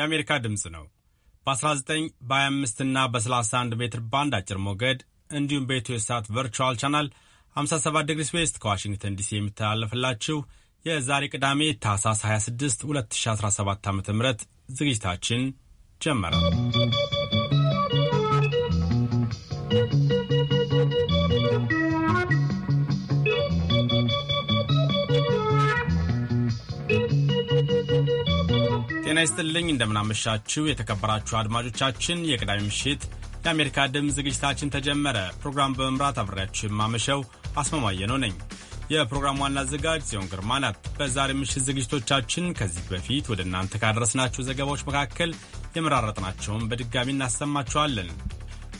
የአሜሪካ ድምፅ ነው። በ19 በ25 እና በ31 ሜትር ባንድ አጭር ሞገድ እንዲሁም በኢትዮ ሳት ቨርቹዋል ቻናል 57 ዲግሪስ ዌስት ከዋሽንግተን ዲሲ የሚተላለፍላችሁ የዛሬ ቅዳሜ ታህሳስ 26 2017 ዓ ም ዝግጅታችን ጀመረ። ጤና ይስጥልኝ እንደምናመሻችው የተከበራችሁ አድማጮቻችን የቅዳሜ ምሽት የአሜሪካ ድምፅ ዝግጅታችን ተጀመረ። ፕሮግራም በመምራት አብሬያችሁ የማመሸው አስማማየኖ ነኝ። የፕሮግራም ዋና አዘጋጅ ጽዮን ግርማ ናት። በዛሬ ምሽት ዝግጅቶቻችን ከዚህ በፊት ወደ እናንተ ካደረስናችሁ ዘገባዎች መካከል የመራረጥናቸውን በድጋሚ እናሰማችኋለን።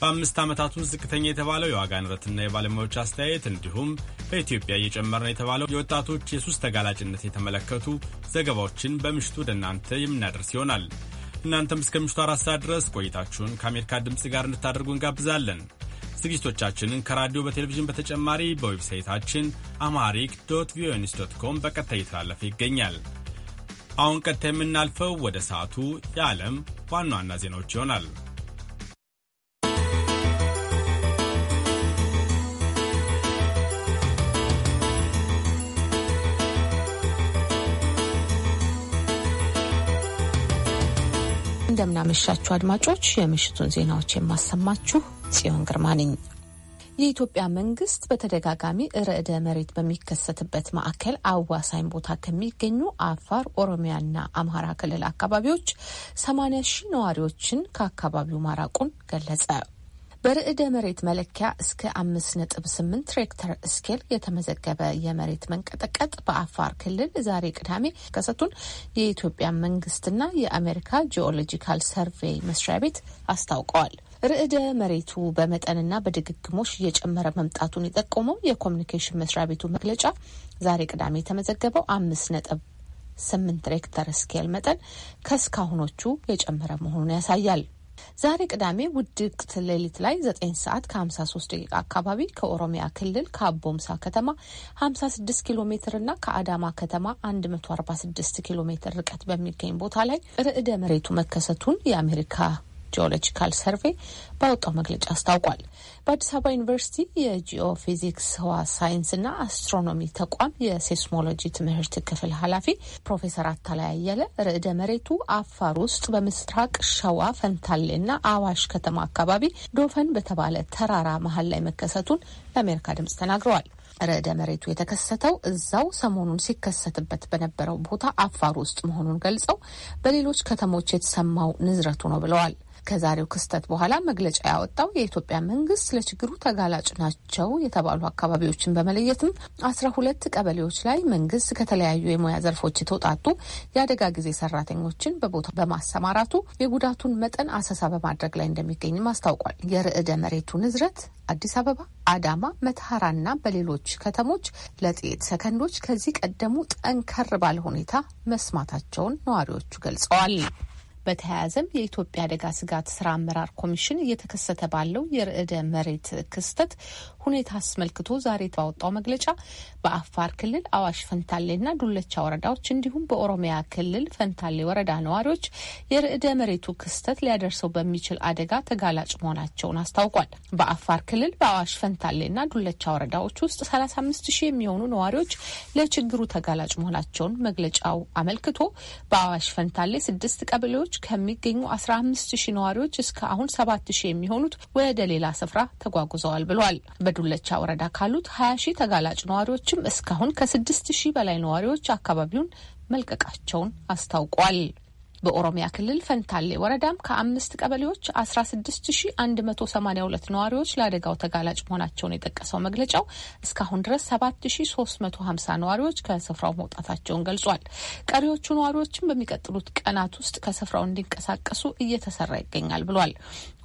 በአምስት ዓመታት ውስጥ ዝቅተኛ የተባለው የዋጋ ንረትና የባለሙያዎች አስተያየት እንዲሁም በኢትዮጵያ እየጨመረ ነው የተባለው የወጣቶች የሱስ ተጋላጭነት የተመለከቱ ዘገባዎችን በምሽቱ ወደ እናንተ የምናደርስ ይሆናል። እናንተም እስከ ምሽቱ አራት ሰዓት ድረስ ቆይታችሁን ከአሜሪካ ድምፅ ጋር እንድታደርጉ እንጋብዛለን። ዝግጅቶቻችንን ከራዲዮ በቴሌቪዥን በተጨማሪ በዌብሳይታችን አማሪክ ዶት ቪኦኤ ኒውስ ዶት ኮም በቀጥታ እየተላለፈ ይገኛል። አሁን ቀጥታ የምናልፈው ወደ ሰዓቱ የዓለም ዋና ዋና ዜናዎች ይሆናል። እንደምናመሻችሁ አድማጮች፣ የምሽቱን ዜናዎች የማሰማችሁ ጽዮን ግርማ ነኝ። የኢትዮጵያ መንግስት በተደጋጋሚ ርዕደ መሬት በሚከሰትበት ማዕከል አዋሳኝ ቦታ ከሚገኙ አፋር፣ ኦሮሚያና አምሃራ ክልል አካባቢዎች 80 ሺህ ነዋሪዎችን ከአካባቢው ማራቁን ገለጸ። በርዕደ መሬት መለኪያ እስከ አምስት ነጥብ ስምንት ሬክተር ስኬል የተመዘገበ የመሬት መንቀጠቀጥ በአፋር ክልል ዛሬ ቅዳሜ ከሰቱን የኢትዮጵያ መንግስትና የአሜሪካ ጂኦሎጂካል ሰርቬይ መስሪያ ቤት አስታውቀዋል። ርዕደ መሬቱ በመጠንና በድግግሞሽ እየጨመረ መምጣቱን የጠቆመው የኮሚኒኬሽን መስሪያ ቤቱ መግለጫ ዛሬ ቅዳሜ የተመዘገበው አምስት ነጥብ ስምንት ሬክተር ስኬል መጠን ከእስካሁኖቹ የጨመረ መሆኑን ያሳያል። ዛሬ ቅዳሜ ውድቅት ሌሊት ላይ 9 ሰዓት ከ53 ደቂቃ አካባቢ ከኦሮሚያ ክልል ከአቦምሳ ከተማ 56 ኪሎ ሜትር እና ከአዳማ ከተማ 146 ኪሎ ሜትር ርቀት በሚገኝ ቦታ ላይ ርዕደ መሬቱ መከሰቱን የአሜሪካ ጂኦሎጂካል ሰርቬ ባወጣው መግለጫ አስታውቋል። በአዲስ አበባ ዩኒቨርሲቲ የጂኦ ፊዚክስ ህዋ ሳይንስና አስትሮኖሚ ተቋም የሴስሞሎጂ ትምህርት ክፍል ኃላፊ ፕሮፌሰር አታላይ አየለ ርዕደ መሬቱ አፋር ውስጥ በምስራቅ ሸዋ ፈንታሌና አዋሽ ከተማ አካባቢ ዶፈን በተባለ ተራራ መሀል ላይ መከሰቱን ለአሜሪካ ድምጽ ተናግረዋል። ርዕደ መሬቱ የተከሰተው እዛው ሰሞኑን ሲከሰትበት በነበረው ቦታ አፋር ውስጥ መሆኑን ገልጸው በሌሎች ከተሞች የተሰማው ንዝረቱ ነው ብለዋል። ከዛሬው ክስተት በኋላ መግለጫ ያወጣው የኢትዮጵያ መንግስት ለችግሩ ተጋላጭ ናቸው የተባሉ አካባቢዎችን በመለየትም አስራ ሁለት ቀበሌዎች ላይ መንግስት ከተለያዩ የሙያ ዘርፎች የተውጣጡ የአደጋ ጊዜ ሰራተኞችን በቦታ በማሰማራቱ የጉዳቱን መጠን አሰሳ በማድረግ ላይ እንደሚገኝም አስታውቋል። የርዕደ መሬቱ ንዝረት አዲስ አበባ፣ አዳማ፣ መተሐራና በሌሎች ከተሞች ለጥቂት ሰከንዶች ከዚህ ቀደሙ ጠንከር ባለ ሁኔታ መስማታቸውን ነዋሪዎቹ ገልጸዋል። በተያያዘም የኢትዮጵያ አደጋ ስጋት ስራ አመራር ኮሚሽን እየተከሰተ ባለው የርዕደ መሬት ክስተት ሁኔታ አስመልክቶ ዛሬ ባወጣው መግለጫ በአፋር ክልል አዋሽ ፈንታሌና ዱለቻ ወረዳዎች እንዲሁም በኦሮሚያ ክልል ፈንታሌ ወረዳ ነዋሪዎች የርዕደ መሬቱ ክስተት ሊያደርሰው በሚችል አደጋ ተጋላጭ መሆናቸውን አስታውቋል። በአፋር ክልል በአዋሽ ፈንታሌና ዱለቻ ወረዳዎች ውስጥ 35 ሺህ የሚሆኑ ነዋሪዎች ለችግሩ ተጋላጭ መሆናቸውን መግለጫው አመልክቶ በአዋሽ ፈንታሌ ስድስት ቀበሌዎች ከሚገኙ 15 ሺህ ነዋሪዎች እስከ አሁን 7 ሺህ የሚሆኑት ወደ ሌላ ስፍራ ተጓጉዘዋል ብሏል። በዱለቻ ወረዳ ካሉት 20 ሺህ ተጋላጭ ነዋሪዎችም እስካሁን ከ6 ሺህ በላይ ነዋሪዎች አካባቢውን መልቀቃቸውን አስታውቋል። በኦሮሚያ ክልል ፈንታሌ ወረዳም ከአምስት ቀበሌዎች 16182 ነዋሪዎች ለአደጋው ተጋላጭ መሆናቸውን የጠቀሰው መግለጫው እስካሁን ድረስ 7350 ነዋሪዎች ከስፍራው መውጣታቸውን ገልጿል። ቀሪዎቹ ነዋሪዎችም በሚቀጥሉት ቀናት ውስጥ ከስፍራው እንዲንቀሳቀሱ እየተሰራ ይገኛል ብሏል።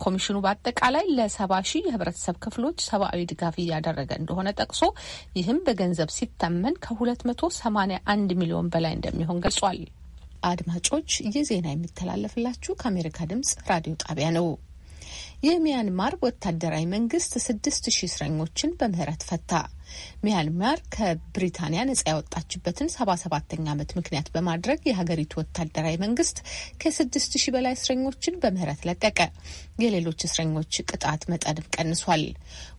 ኮሚሽኑ በአጠቃላይ ለሰባ ሺህ የህብረተሰብ ክፍሎች ሰብአዊ ድጋፍ እያደረገ እንደሆነ ጠቅሶ ይህም በገንዘብ ሲተመን ከ281 ሚሊዮን በላይ እንደሚሆን ገልጿል። አድማጮች ይህ ዜና የሚተላለፍላችሁ ከአሜሪካ ድምጽ ራዲዮ ጣቢያ ነው። የሚያንማር ወታደራዊ መንግስት ስድስት ሺህ እስረኞችን በምህረት ፈታ። ሚያንማር ከብሪታንያ ነጻ ያወጣችበትን ሰባ ሰባተኛ ዓመት ምክንያት በማድረግ የሀገሪቱ ወታደራዊ መንግስት ከስድስት ሺህ በላይ እስረኞችን በምህረት ለቀቀ። የሌሎች እስረኞች ቅጣት መጠንም ቀንሷል።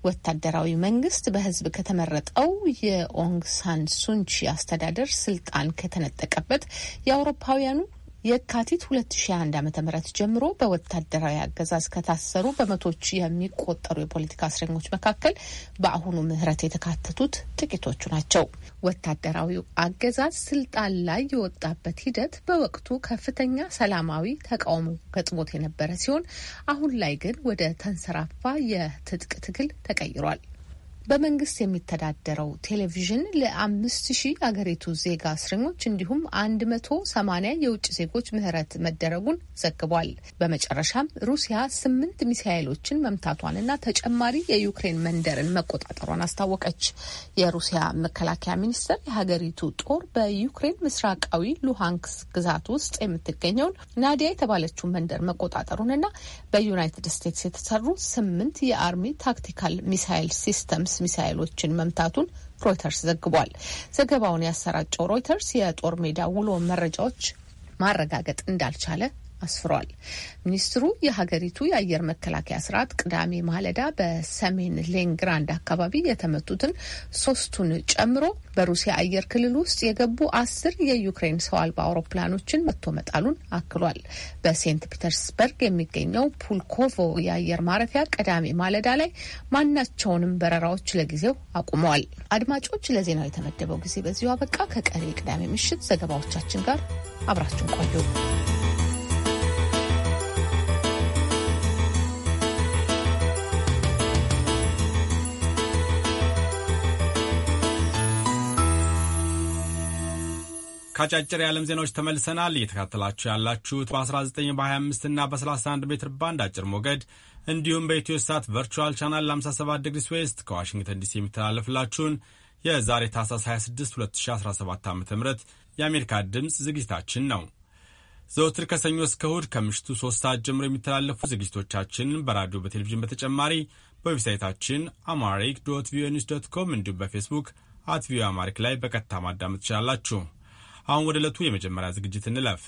ወታደራዊ መንግስት በህዝብ ከተመረጠው የኦንግ ሳን ሱንቺ አስተዳደር ስልጣን ከተነጠቀበት የአውሮፓውያኑ የካቲት 2001 ዓ.ም ጀምሮ በወታደራዊ አገዛዝ ከታሰሩ በመቶች የሚቆጠሩ የፖለቲካ እስረኞች መካከል በአሁኑ ምህረት የተካተቱት ጥቂቶቹ ናቸው። ወታደራዊው አገዛዝ ስልጣን ላይ የወጣበት ሂደት በወቅቱ ከፍተኛ ሰላማዊ ተቃውሞ ገጥሞት የነበረ ሲሆን አሁን ላይ ግን ወደ ተንሰራፋ የትጥቅ ትግል ተቀይሯል። በመንግስት የሚተዳደረው ቴሌቪዥን ለአምስት ሺህ አገሪቱ ዜጋ እስረኞች እንዲሁም አንድ መቶ ሰማኒያ የውጭ ዜጎች ምህረት መደረጉን ዘግቧል። በመጨረሻም ሩሲያ ስምንት ሚሳይሎችን መምታቷንና ተጨማሪ የዩክሬን መንደርን መቆጣጠሯን አስታወቀች። የሩሲያ መከላከያ ሚኒስቴር የሀገሪቱ ጦር በዩክሬን ምስራቃዊ ሉሃንክስ ግዛት ውስጥ የምትገኘውን ናዲያ የተባለችውን መንደር መቆጣጠሩንና በዩናይትድ ስቴትስ የተሰሩ ስምንት የአርሚ ታክቲካል ሚሳይል ሲስተምስ ሚሳይሎችን መምታቱን ሮይተርስ ዘግቧል። ዘገባውን ያሰራጨው ሮይተርስ የጦር ሜዳ ውሎ መረጃዎች ማረጋገጥ እንዳልቻለ አስፍሯል። ሚኒስትሩ የሀገሪቱ የአየር መከላከያ ስርዓት ቅዳሜ ማለዳ በሰሜን ሌንግራንድ አካባቢ የተመቱትን ሶስቱን ጨምሮ በሩሲያ አየር ክልል ውስጥ የገቡ አስር የዩክሬን ሰው አልባ አውሮፕላኖችን መቶ መጣሉን አክሏል። በሴንት ፒተርስበርግ የሚገኘው ፑልኮቮ የአየር ማረፊያ ቅዳሜ ማለዳ ላይ ማናቸውንም በረራዎች ለጊዜው አቁመዋል። አድማጮች፣ ለዜናው የተመደበው ጊዜ በዚሁ አበቃ። ከቀሪ ቅዳሜ ምሽት ዘገባዎቻችን ጋር አብራችሁን ቆዩ። ከአጫጭር የዓለም ዜናዎች ተመልሰናል። እየተካተላችሁ ያላችሁት በ19 በ25 እና በ31 ሜትር ባንድ አጭር ሞገድ እንዲሁም በኢትዮ ሳት ቨርቹዋል ቻናል 57 ዲግሪ ስዌስት ከዋሽንግተን ዲሲ የሚተላለፍላችሁን የዛሬ ታህሳስ 26 2017 ዓ ም የአሜሪካ ድምፅ ዝግጅታችን ነው። ዘወትር ከሰኞ እስከ እሁድ ከምሽቱ 3 ሰዓት ጀምሮ የሚተላለፉ ዝግጅቶቻችን በራዲዮ በቴሌቪዥን በተጨማሪ በዌብሳይታችን አማሪክ ዶት ቪኦኤ ኒውስ ዶት ኮም እንዲሁም በፌስቡክ አት ቪኦኤ አማሪክ ላይ በቀጥታ ማዳመጥ ትችላላችሁ። አሁን ወደ ዕለቱ የመጀመሪያ ዝግጅት እንለፍ።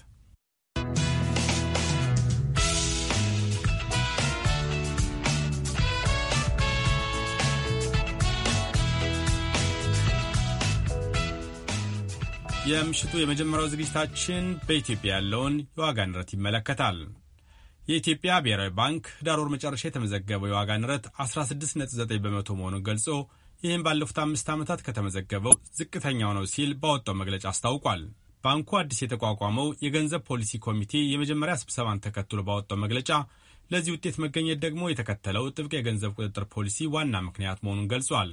የምሽቱ የመጀመሪያው ዝግጅታችን በኢትዮጵያ ያለውን የዋጋ ንረት ይመለከታል። የኢትዮጵያ ብሔራዊ ባንክ ህዳር ወር መጨረሻ የተመዘገበው የዋጋ ንረት 16.9 በመቶ መሆኑን ገልጾ ይህም ባለፉት አምስት ዓመታት ከተመዘገበው ዝቅተኛው ነው ሲል ባወጣው መግለጫ አስታውቋል። ባንኩ አዲስ የተቋቋመው የገንዘብ ፖሊሲ ኮሚቴ የመጀመሪያ ስብሰባን ተከትሎ ባወጣው መግለጫ ለዚህ ውጤት መገኘት ደግሞ የተከተለው ጥብቅ የገንዘብ ቁጥጥር ፖሊሲ ዋና ምክንያት መሆኑን ገልጿል።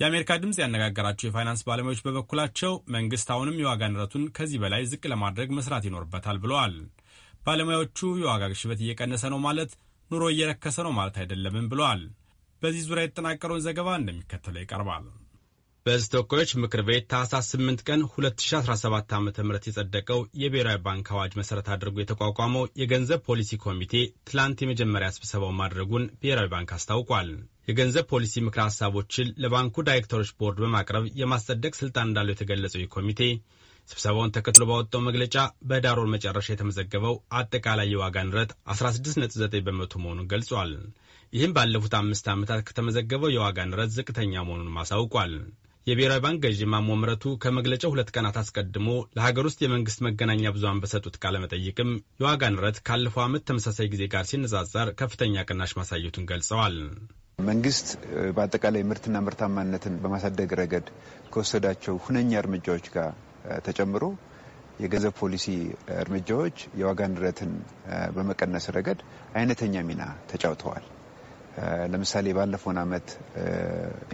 የአሜሪካ ድምፅ ያነጋገራቸው የፋይናንስ ባለሙያዎች በበኩላቸው መንግስት አሁንም የዋጋ ንረቱን ከዚህ በላይ ዝቅ ለማድረግ መስራት ይኖርበታል ብለዋል። ባለሙያዎቹ የዋጋ ግሽበት እየቀነሰ ነው ማለት ኑሮ እየረከሰ ነው ማለት አይደለምም ብለዋል። በዚህ ዙሪያ የተጠናቀረውን ዘገባ እንደሚከተለው ይቀርባል። በሕዝብ ምክር ቤት ታህሳስ 8 ቀን 2017 ዓ ም የጸደቀው የብሔራዊ ባንክ አዋጅ መሠረት አድርጎ የተቋቋመው የገንዘብ ፖሊሲ ኮሚቴ ትላንት የመጀመሪያ ስብሰባውን ማድረጉን ብሔራዊ ባንክ አስታውቋል። የገንዘብ ፖሊሲ ምክር ሐሳቦችን ለባንኩ ዳይሬክተሮች ቦርድ በማቅረብ የማስጸደቅ ሥልጣን እንዳለው የተገለጸው ይህ ኮሚቴ ስብሰባውን ተከትሎ ባወጣው መግለጫ በዳሮር መጨረሻ የተመዘገበው አጠቃላይ የዋጋ ንረት 16.9 በመቶ መሆኑን ገልጿል። ይህም ባለፉት አምስት ዓመታት ከተመዘገበው የዋጋ ንረት ዝቅተኛ መሆኑን አሳውቋል። የብሔራዊ ባንክ ገዢ ማሞ ከመግለጫው ሁለት ቀናት አስቀድሞ ለሀገር ውስጥ የመንግስት መገናኛ ብዙን በሰጡት መጠይቅም የዋጋ ንረት ካለፈው ዓመት ተመሳሳይ ጊዜ ጋር ሲነጻጸር ከፍተኛ ቅናሽ ማሳየቱን ገልጸዋል። መንግስት በአጠቃላይ ምርትና ምርታማነትን በማሳደግ ረገድ ከወሰዳቸው ሁነኛ እርምጃዎች ጋር ተጨምሮ የገንዘብ ፖሊሲ እርምጃዎች የዋጋ ንረትን በመቀነስ ረገድ አይነተኛ ሚና ተጫውተዋል። ለምሳሌ ባለፈውን አመት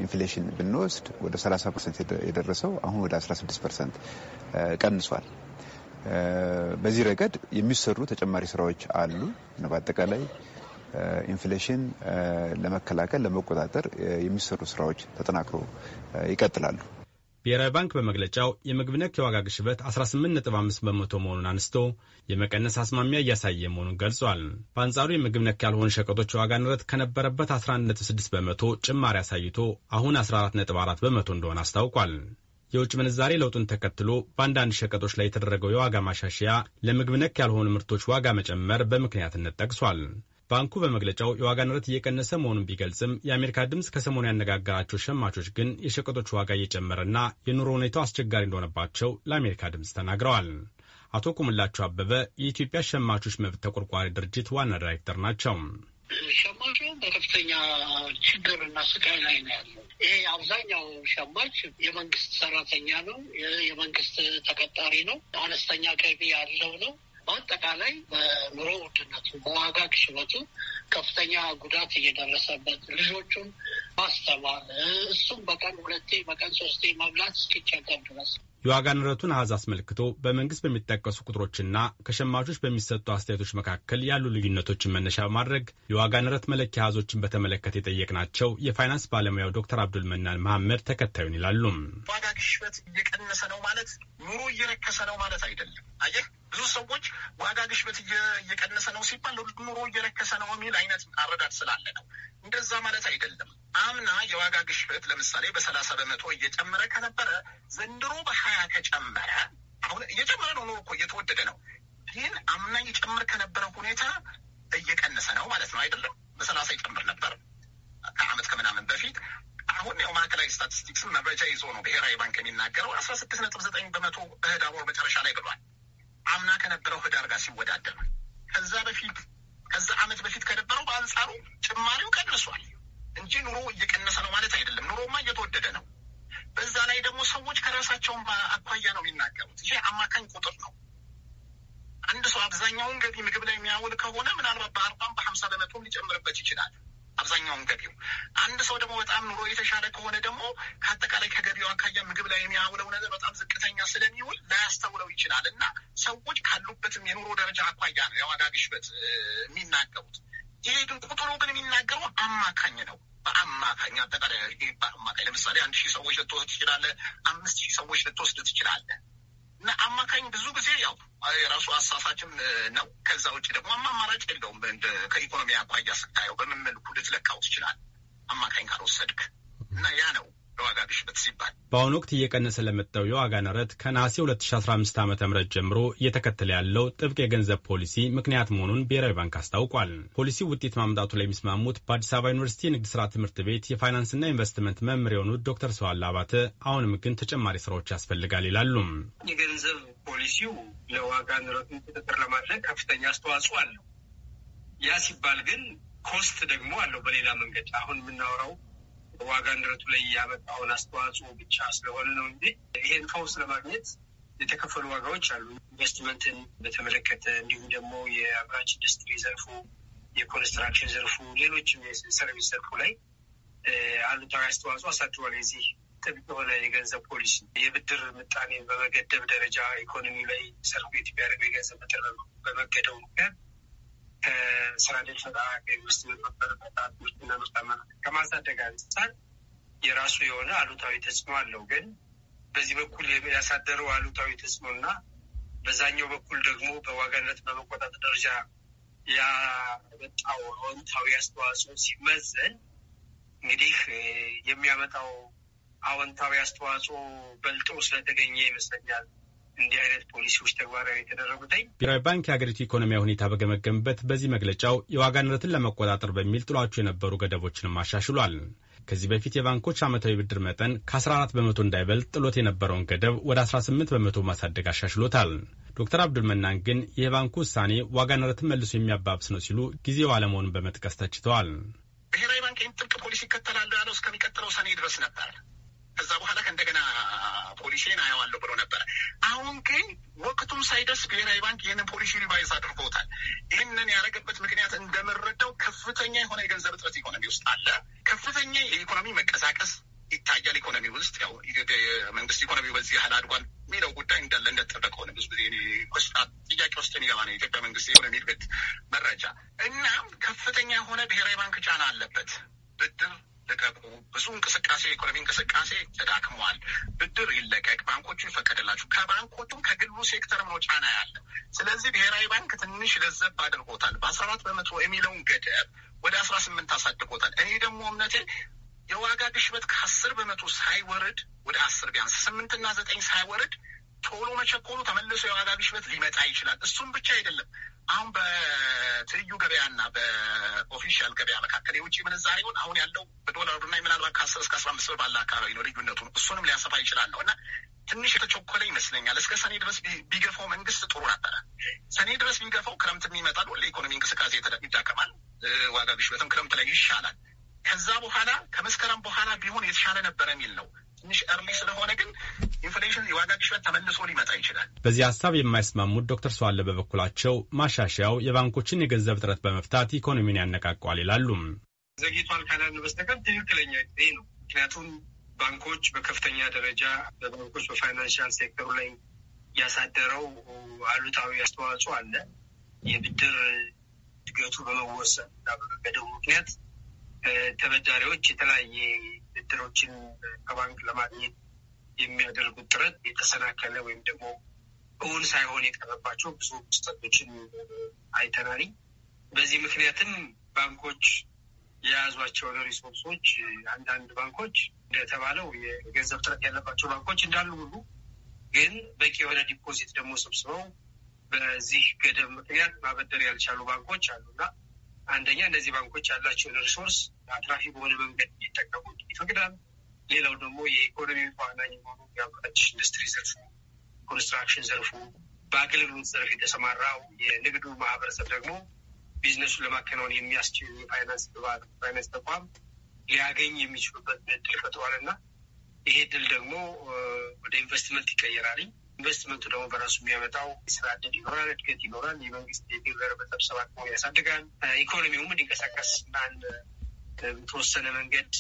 ኢንፍሌሽን ብንወስድ ወደ 30 ፐርሰንት የደረሰው አሁን ወደ 16 ፐርሰንት ቀንሷል። በዚህ ረገድ የሚሰሩ ተጨማሪ ስራዎች አሉ። በአጠቃላይ ኢንፍሌሽን ለመከላከል ለመቆጣጠር የሚሰሩ ስራዎች ተጠናክሮ ይቀጥላሉ። ብሔራዊ ባንክ በመግለጫው የምግብ ነክ የዋጋ ግሽበት 18.5 በመቶ መሆኑን አንስቶ የመቀነስ አስማሚያ እያሳየ መሆኑን ገልጿል። በአንጻሩ የምግብ ነክ ያልሆኑ ሸቀጦች የዋጋ ንረት ከነበረበት 11.6 በመቶ ጭማሪ አሳይቶ አሁን 14.4 በመቶ እንደሆነ አስታውቋል። የውጭ ምንዛሬ ለውጡን ተከትሎ በአንዳንድ ሸቀጦች ላይ የተደረገው የዋጋ ማሻሻያ ለምግብ ነክ ያልሆኑ ምርቶች ዋጋ መጨመር በምክንያትነት ጠቅሷል። ባንኩ በመግለጫው የዋጋ ንረት እየቀነሰ መሆኑን ቢገልጽም የአሜሪካ ድምፅ ከሰሞኑ ያነጋገራቸው ሸማቾች ግን የሸቀጦች ዋጋ እየጨመረና የኑሮ ሁኔታው አስቸጋሪ እንደሆነባቸው ለአሜሪካ ድምፅ ተናግረዋል። አቶ ቁምላቸው አበበ የኢትዮጵያ ሸማቾች መብት ተቆርቋሪ ድርጅት ዋና ዳይሬክተር ናቸው። ሸማቹ በከፍተኛ ችግር እና ስቃይ ላይ ነው ያለው። ይሄ አብዛኛው ሸማች የመንግስት ሰራተኛ ነው፣ የመንግስት ተቀጣሪ ነው፣ አነስተኛ ገቢ ያለው ነው። በአጠቃላይ በኑሮ ውድነቱ በዋጋ ግሽበቱ ከፍተኛ ጉዳት እየደረሰበት ልጆቹን ማስተማር እሱም በቀን ሁለቴ በቀን ሶስቴ መብላት እስኪቸገር ድረስ የዋጋ ንረቱን አሃዝ አስመልክቶ በመንግስት በሚጠቀሱ ቁጥሮችና ከሸማቾች በሚሰጡ አስተያየቶች መካከል ያሉ ልዩነቶችን መነሻ በማድረግ የዋጋ ንረት መለኪያ አሃዞችን በተመለከተ የጠየቅናቸው የፋይናንስ ባለሙያው ዶክተር አብዱል መናን መሐመድ ተከታዩን ይላሉ። ዋጋ ግሽበት እየቀነሰ ነው ማለት ኑሮ እየረከሰ ነው ማለት አይደለም። አየህ ግሽበት እየቀነሰ ነው ሲባል ኑሮ እየረከሰ ነው የሚል አይነት አረዳድ ስላለ ነው። እንደዛ ማለት አይደለም። አምና የዋጋ ግሽበት ለምሳሌ በሰላሳ በመቶ እየጨመረ ከነበረ ዘንድሮ በሀያ ከጨመረ አሁን እየጨመረ ነው። ኑሮ እኮ እየተወደደ ነው። ግን አምና እየጨመር ከነበረ ሁኔታ እየቀነሰ ነው ማለት ነው አይደለም። በሰላሳ ይጨምር ነበር ከአመት ከምናምን በፊት አሁን ያው ማዕከላዊ ስታቲስቲክስን መረጃ ይዞ ነው ብሔራዊ ባንክ የሚናገረው አስራ ስድስት ነጥብ ዘጠኝ በመቶ በህዳር ወር መጨረሻ ላይ ብሏል። አምና ከነበረው ህዳር ጋር ሲወዳደር ከዛ በፊት ከዛ አመት በፊት ከነበረው በአንጻሩ ጭማሪው ቀንሷል እንጂ ኑሮ እየቀነሰ ነው ማለት አይደለም። ኑሮማ እየተወደደ ነው። በዛ ላይ ደግሞ ሰዎች ከራሳቸውን አኳያ ነው የሚናገሩት። ይሄ አማካኝ ቁጥር ነው። አንድ ሰው አብዛኛውን ገቢ ምግብ ላይ የሚያውል ከሆነ ምናልባት በአርባም በሀምሳ በመቶም ሊጨምርበት ይችላል። አብዛኛውን ገቢው አንድ ሰው ደግሞ በጣም ኑሮ የተሻለ ከሆነ ደግሞ ከአጠቃላይ ከገቢው አካያ ምግብ ላይ የሚያውለው ነገር በጣም ዝቅተኛ ስለሚውል ላያስተውለው ይችላል እና ሰዎች ካሉበትም የኑሮ ደረጃ አኳያ ነው የዋጋ ግሽበት የሚናገሩት። ይሄ ግን ቁጥሩ ግን የሚናገረው አማካኝ ነው። በአማካኝ አጠቃላይ በአማካኝ ለምሳሌ አንድ ሺህ ሰዎች ልትወስድ ትችላለህ። አምስት ሺህ ሰዎች ልትወስድ ትችላለህ። እና አማካኝ ብዙ ጊዜ ያው የራሱ አሳሳችም ነው። ከዛ ውጭ ደግሞ አማማራጭ የለውም። ከኢኮኖሚ አኳያ ስታየው በምን መልኩ ልትለካው ትችላል? አማካኝ ካልወሰድክ እና ያ ነው ለዋጋ ግሽበት ሲባል በአሁኑ ወቅት እየቀነሰ ለመጣው የዋጋ ንረት ከነሐሴ 2015 ዓ ም ጀምሮ እየተከተለ ያለው ጥብቅ የገንዘብ ፖሊሲ ምክንያት መሆኑን ብሔራዊ ባንክ አስታውቋል። ፖሊሲው ውጤት ማምጣቱ ላይ የሚስማሙት በአዲስ አበባ ዩኒቨርሲቲ የንግድ ሥራ ትምህርት ቤት የፋይናንስና ኢንቨስትመንት መምህር የሆኑት ዶክተር ሰዋላ አባተ አሁንም ግን ተጨማሪ ስራዎች ያስፈልጋል ይላሉ። የገንዘብ ፖሊሲው ለዋጋ ንረቱን ቁጥጥር ለማድረግ ከፍተኛ አስተዋጽኦ አለው። ያ ሲባል ግን ኮስት ደግሞ አለው። በሌላ መንገድ አሁን የምናወራው ዋጋ ንረቱ ላይ ያበጣውን አስተዋጽኦ ብቻ ስለሆነ ነው እንጂ ይሄን ፈውስ ለማግኘት የተከፈሉ ዋጋዎች አሉ። ኢንቨስትመንትን በተመለከተ እንዲሁም ደግሞ የአምራች ኢንዱስትሪ ዘርፉ፣ የኮንስትራክሽን ዘርፉ፣ ሌሎችም የሰርቪስ ዘርፉ ላይ አሉታዊ አስተዋጽኦ አሳድሯል። የዚህ ጥብቅ የሆነ የገንዘብ ፖሊሲ የብድር ምጣኔን በመገደብ ደረጃ ኢኮኖሚ ላይ ሰርኩሌት የሚያደርገው የገንዘብ መጠን በመገደቡ ምክንያት ከስራ ዕድል ፈጠራ ከኢንቨስትመንት ማበረታታት ምርትና ምርታማነት ከማሳደግ የራሱ የሆነ አሉታዊ ተጽዕኖ አለው። ግን በዚህ በኩል ያሳደረው አሉታዊ ተጽዕኖ እና በዛኛው በኩል ደግሞ በዋጋነት በመቆጣጠር ደረጃ ያመጣው አዎንታዊ አስተዋጽኦ ሲመዘን እንግዲህ የሚያመጣው አዎንታዊ አስተዋጽኦ በልጦ ስለተገኘ ይመስለኛል እንዲህ አይነት ፖሊሲዎች ተግባራዊ የተደረጉትኝ ብሔራዊ ባንክ የሀገሪቱ ኢኮኖሚያዊ ሁኔታ በገመገምበት በዚህ መግለጫው የዋጋ ንረትን ለመቆጣጠር በሚል ጥሏቸው የነበሩ ገደቦችንም አሻሽሏል። ከዚህ በፊት የባንኮች ዓመታዊ ብድር መጠን ከ14 በመቶ እንዳይበልጥ ጥሎት የነበረውን ገደብ ወደ 18 በመቶ ማሳደግ አሻሽሎታል። ዶክተር አብዱል መናን ግን የባንኩ ውሳኔ ዋጋ ንረትን መልሶ የሚያባብስ ነው ሲሉ ጊዜው አለመሆኑን በመጥቀስ ተችተዋል። ብሔራዊ ባንክ ይህን ጥብቅ ፖሊሲ ይከተላሉ ያለው እስከሚቀጥለው ሰኔ ድረስ ነበር። ከዛ በኋላ ከእንደገና ፖሊሲን አየዋለሁ ብሎ ነበረ። አሁን ግን ወቅቱም ሳይደርስ ብሔራዊ ባንክ ይህንን ፖሊሲ ሪቫይዝ አድርጎታል። ይህንን ያደረገበት ምክንያት እንደምረዳው ከፍተኛ የሆነ የገንዘብ እጥረት ኢኮኖሚ ውስጥ አለ። ከፍተኛ የኢኮኖሚ መቀሳቀስ ይታያል። ኢኮኖሚ ውስጥ ያው መንግስት ኢኮኖሚ በዚህ ያህል አድጓል የሚለው ጉዳይ እንዳለ እንደጠበቀ ሆነ ብዙ ጊዜ ጥያቄ ውስጥ የሚገባ ነው። የኢትዮጵያ መንግስት ኢኮኖሚ እድገት መረጃ እናም ከፍተኛ የሆነ ብሔራዊ ባንክ ጫና አለበት ብድር ልቀቁ፣ ብዙ እንቅስቃሴ ኢኮኖሚ እንቅስቃሴ ተዳክሟል፣ ብድር ይለቀቅ፣ ባንኮቹ ይፈቀድላችሁ። ከባንኮቹም ከግሉ ሴክተር ነው ጫና ያለ። ስለዚህ ብሔራዊ ባንክ ትንሽ ለዘብ አድርጎታል። በአስራ አራት በመቶ የሚለውን ገደብ ወደ አስራ ስምንት አሳድጎታል። እኔ ደግሞ እምነቴ የዋጋ ግሽበት ከአስር በመቶ ሳይወርድ ወደ አስር ቢያንስ ስምንትና ዘጠኝ ሳይወርድ ቶሎ መቸኮሉ ተመልሶ የዋጋ ግሽበት ሊመጣ ይችላል። እሱም ብቻ አይደለም። አሁን በትይዩ ገበያና በኦፊሻል ገበያ መካከል የውጭ ምንዛሬውን አሁን ያለው በዶላር ብናይ ምናልባት ከአስር እስከ አስራ አምስት ብር ባለ አካባቢ ነው ልዩነቱ። እሱንም ሊያሰፋ ይችላል ነው እና ትንሽ የተቸኮለ ይመስለኛል። እስከ ሰኔ ድረስ ቢገፋው መንግስት ጥሩ ነበረ። ሰኔ ድረስ ቢገፋው ክረምት የሚመጣል ለኢኮኖሚ እንቅስቃሴ ይዳቀማል፣ ዋጋ ግሽበትም ክረምት ላይ ይሻላል። ከዛ በኋላ ከመስከረም በኋላ ቢሆን የተሻለ ነበረ የሚል ነው ትንሽ እርሊ ስለሆነ ግን ኢንፍሌሽን የዋጋ ግሽበት ተመልሶ ሊመጣ ይችላል። በዚህ ሀሳብ የማይስማሙት ዶክተር ሰዋለ በበኩላቸው ማሻሻያው የባንኮችን የገንዘብ እጥረት በመፍታት ኢኮኖሚን ያነቃቋል ይላሉም። ዘግይቷል ካላን በስተቀር ትክክለኛ ጊዜ ነው። ምክንያቱም ባንኮች በከፍተኛ ደረጃ በባንኮች በፋይናንሻል ሴክተሩ ላይ ያሳደረው አሉታዊ አስተዋጽኦ አለ። የብድር እድገቱ በመወሰን እና በመገደቡ ምክንያት ተበዳሪዎች የተለያየ ብድሮችን ከባንክ ለማግኘት የሚያደርጉት ጥረት የተሰናከለ ወይም ደግሞ እውን ሳይሆን የቀረባቸው ብዙ ክስተቶችን አይተናል። በዚህ ምክንያትም ባንኮች የያዟቸውን ሪሶርሶች አንዳንድ ባንኮች እንደተባለው የገንዘብ ጥረት ያለባቸው ባንኮች እንዳሉ ሁሉ ግን በቂ የሆነ ዲፖዚት ደግሞ ሰብስበው በዚህ ገደብ ምክንያት ማበደር ያልቻሉ ባንኮች አሉና አንደኛ እነዚህ ባንኮች ያላቸውን ሪሶርስ አትራፊ በሆነ መንገድ እንዲጠቀሙ ይፈቅዳል። ሌላው ደግሞ የኢኮኖሚ ዋናኝ የሆኑ የአምራች ኢንዱስትሪ ዘርፉ፣ ኮንስትራክሽን ዘርፉ፣ በአገልግሎት ዘርፍ የተሰማራው የንግዱ ማህበረሰብ ደግሞ ቢዝነሱን ለማከናወን የሚያስችል የፋይናንስ ግብዓት ፋይናንስ ተቋም ሊያገኝ የሚችሉበት እድል ፈጥሯል እና ይሄ እድል ደግሞ ወደ ኢንቨስትመንት ይቀየራልኝ ኢንቨስትመንቱ ደግሞ በራሱ የሚያመጣው ስራ ዕድል ይኖራል፣ እድገት ይኖራል። የመንግስት የብሔር መሰብሰብ አቅሙ ያሳድጋል። ኢኮኖሚውም እንዲንቀሳቀስ በአንድ በተወሰነ መንገድ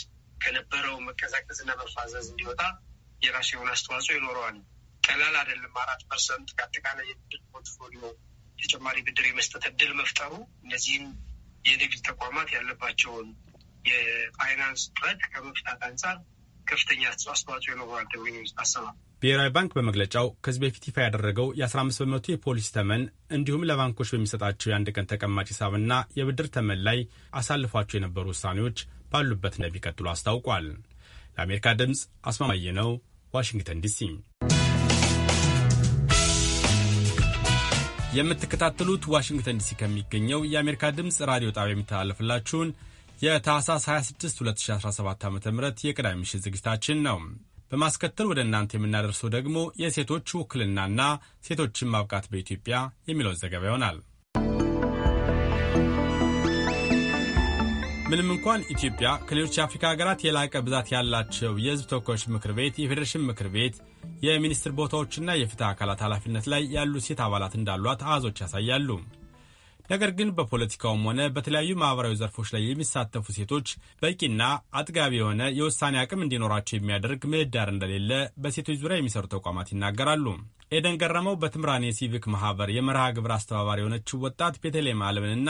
ከነበረው መቀዛቀዝና መፋዘዝ እንዲወጣ የራሱ የሆነ አስተዋጽኦ ይኖረዋል። ቀላል አይደለም። አራት ፐርሰንት ከአጠቃላይ የብድር ፖርትፎሊዮ ተጨማሪ ብድር የመስጠት እድል መፍጠሩ እነዚህም የንግድ ተቋማት ያለባቸውን የፋይናንስ ጥረት ከመፍታት አንጻር ከፍተኛ አስተዋጽኦ ይኖረዋል ተብሎ ይታሰባል። ብሔራዊ ባንክ በመግለጫው ከዚህ በፊት ይፋ ያደረገው የ15 በመቶ የፖሊሲ ተመን እንዲሁም ለባንኮች በሚሰጣቸው የአንድ ቀን ተቀማጭ ሂሳብና የብድር ተመን ላይ አሳልፏቸው የነበሩ ውሳኔዎች ባሉበት እንደሚቀጥሉ አስታውቋል። ለአሜሪካ ድምፅ አስማማየ ነው፣ ዋሽንግተን ዲሲ። የምትከታተሉት ዋሽንግተን ዲሲ ከሚገኘው የአሜሪካ ድምፅ ራዲዮ ጣቢያ የሚተላለፍላችሁን የታህሳስ 26 2017 ዓ ም የቅዳሜ ምሽት ዝግጅታችን ነው። በማስከተል ወደ እናንተ የምናደርሰው ደግሞ የሴቶች ውክልናና ሴቶችን ማብቃት በኢትዮጵያ የሚለው ዘገባ ይሆናል። ምንም እንኳን ኢትዮጵያ ከሌሎች የአፍሪካ ሀገራት የላቀ ብዛት ያላቸው የሕዝብ ተወካዮች ምክር ቤት፣ የፌዴሬሽን ምክር ቤት፣ የሚኒስትር ቦታዎችና የፍትህ አካላት ኃላፊነት ላይ ያሉ ሴት አባላት እንዳሏት አሃዞች ያሳያሉ። ነገር ግን በፖለቲካውም ሆነ በተለያዩ ማህበራዊ ዘርፎች ላይ የሚሳተፉ ሴቶች በቂና አጥጋቢ የሆነ የውሳኔ አቅም እንዲኖራቸው የሚያደርግ ምህዳር እንደሌለ በሴቶች ዙሪያ የሚሰሩ ተቋማት ይናገራሉ። ኤደን ገረመው በትምራን ሲቪክ ማህበር የመርሃ ግብር አስተባባሪ የሆነችው ወጣት ቤተልሔም አለምንና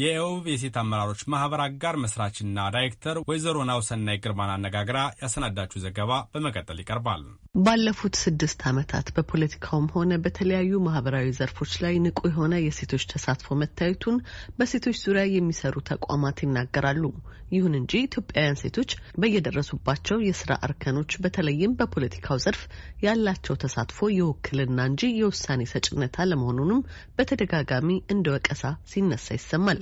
የኤኦብ የሴት አመራሮች ማህበር አጋር መስራችና ዳይሬክተር ወይዘሮ ናውሰናይ ግርማን አነጋግራ ያሰናዳችው ዘገባ በመቀጠል ይቀርባል። ባለፉት ስድስት ዓመታት በፖለቲካውም ሆነ በተለያዩ ማህበራዊ ዘርፎች ላይ ንቁ የሆነ የሴቶች ተሳትፎ መታየቱን በሴቶች ዙሪያ የሚሰሩ ተቋማት ይናገራሉ። ይሁን እንጂ ኢትዮጵያውያን ሴቶች በየደረሱባቸው የስራ እርከኖች በተለይም በፖለቲካው ዘርፍ ያላቸው ተሳትፎ የውክልና እንጂ የውሳኔ ሰጭነት አለመሆኑንም በተደጋጋሚ እንደ ወቀሳ ሲነሳ ይሰማል።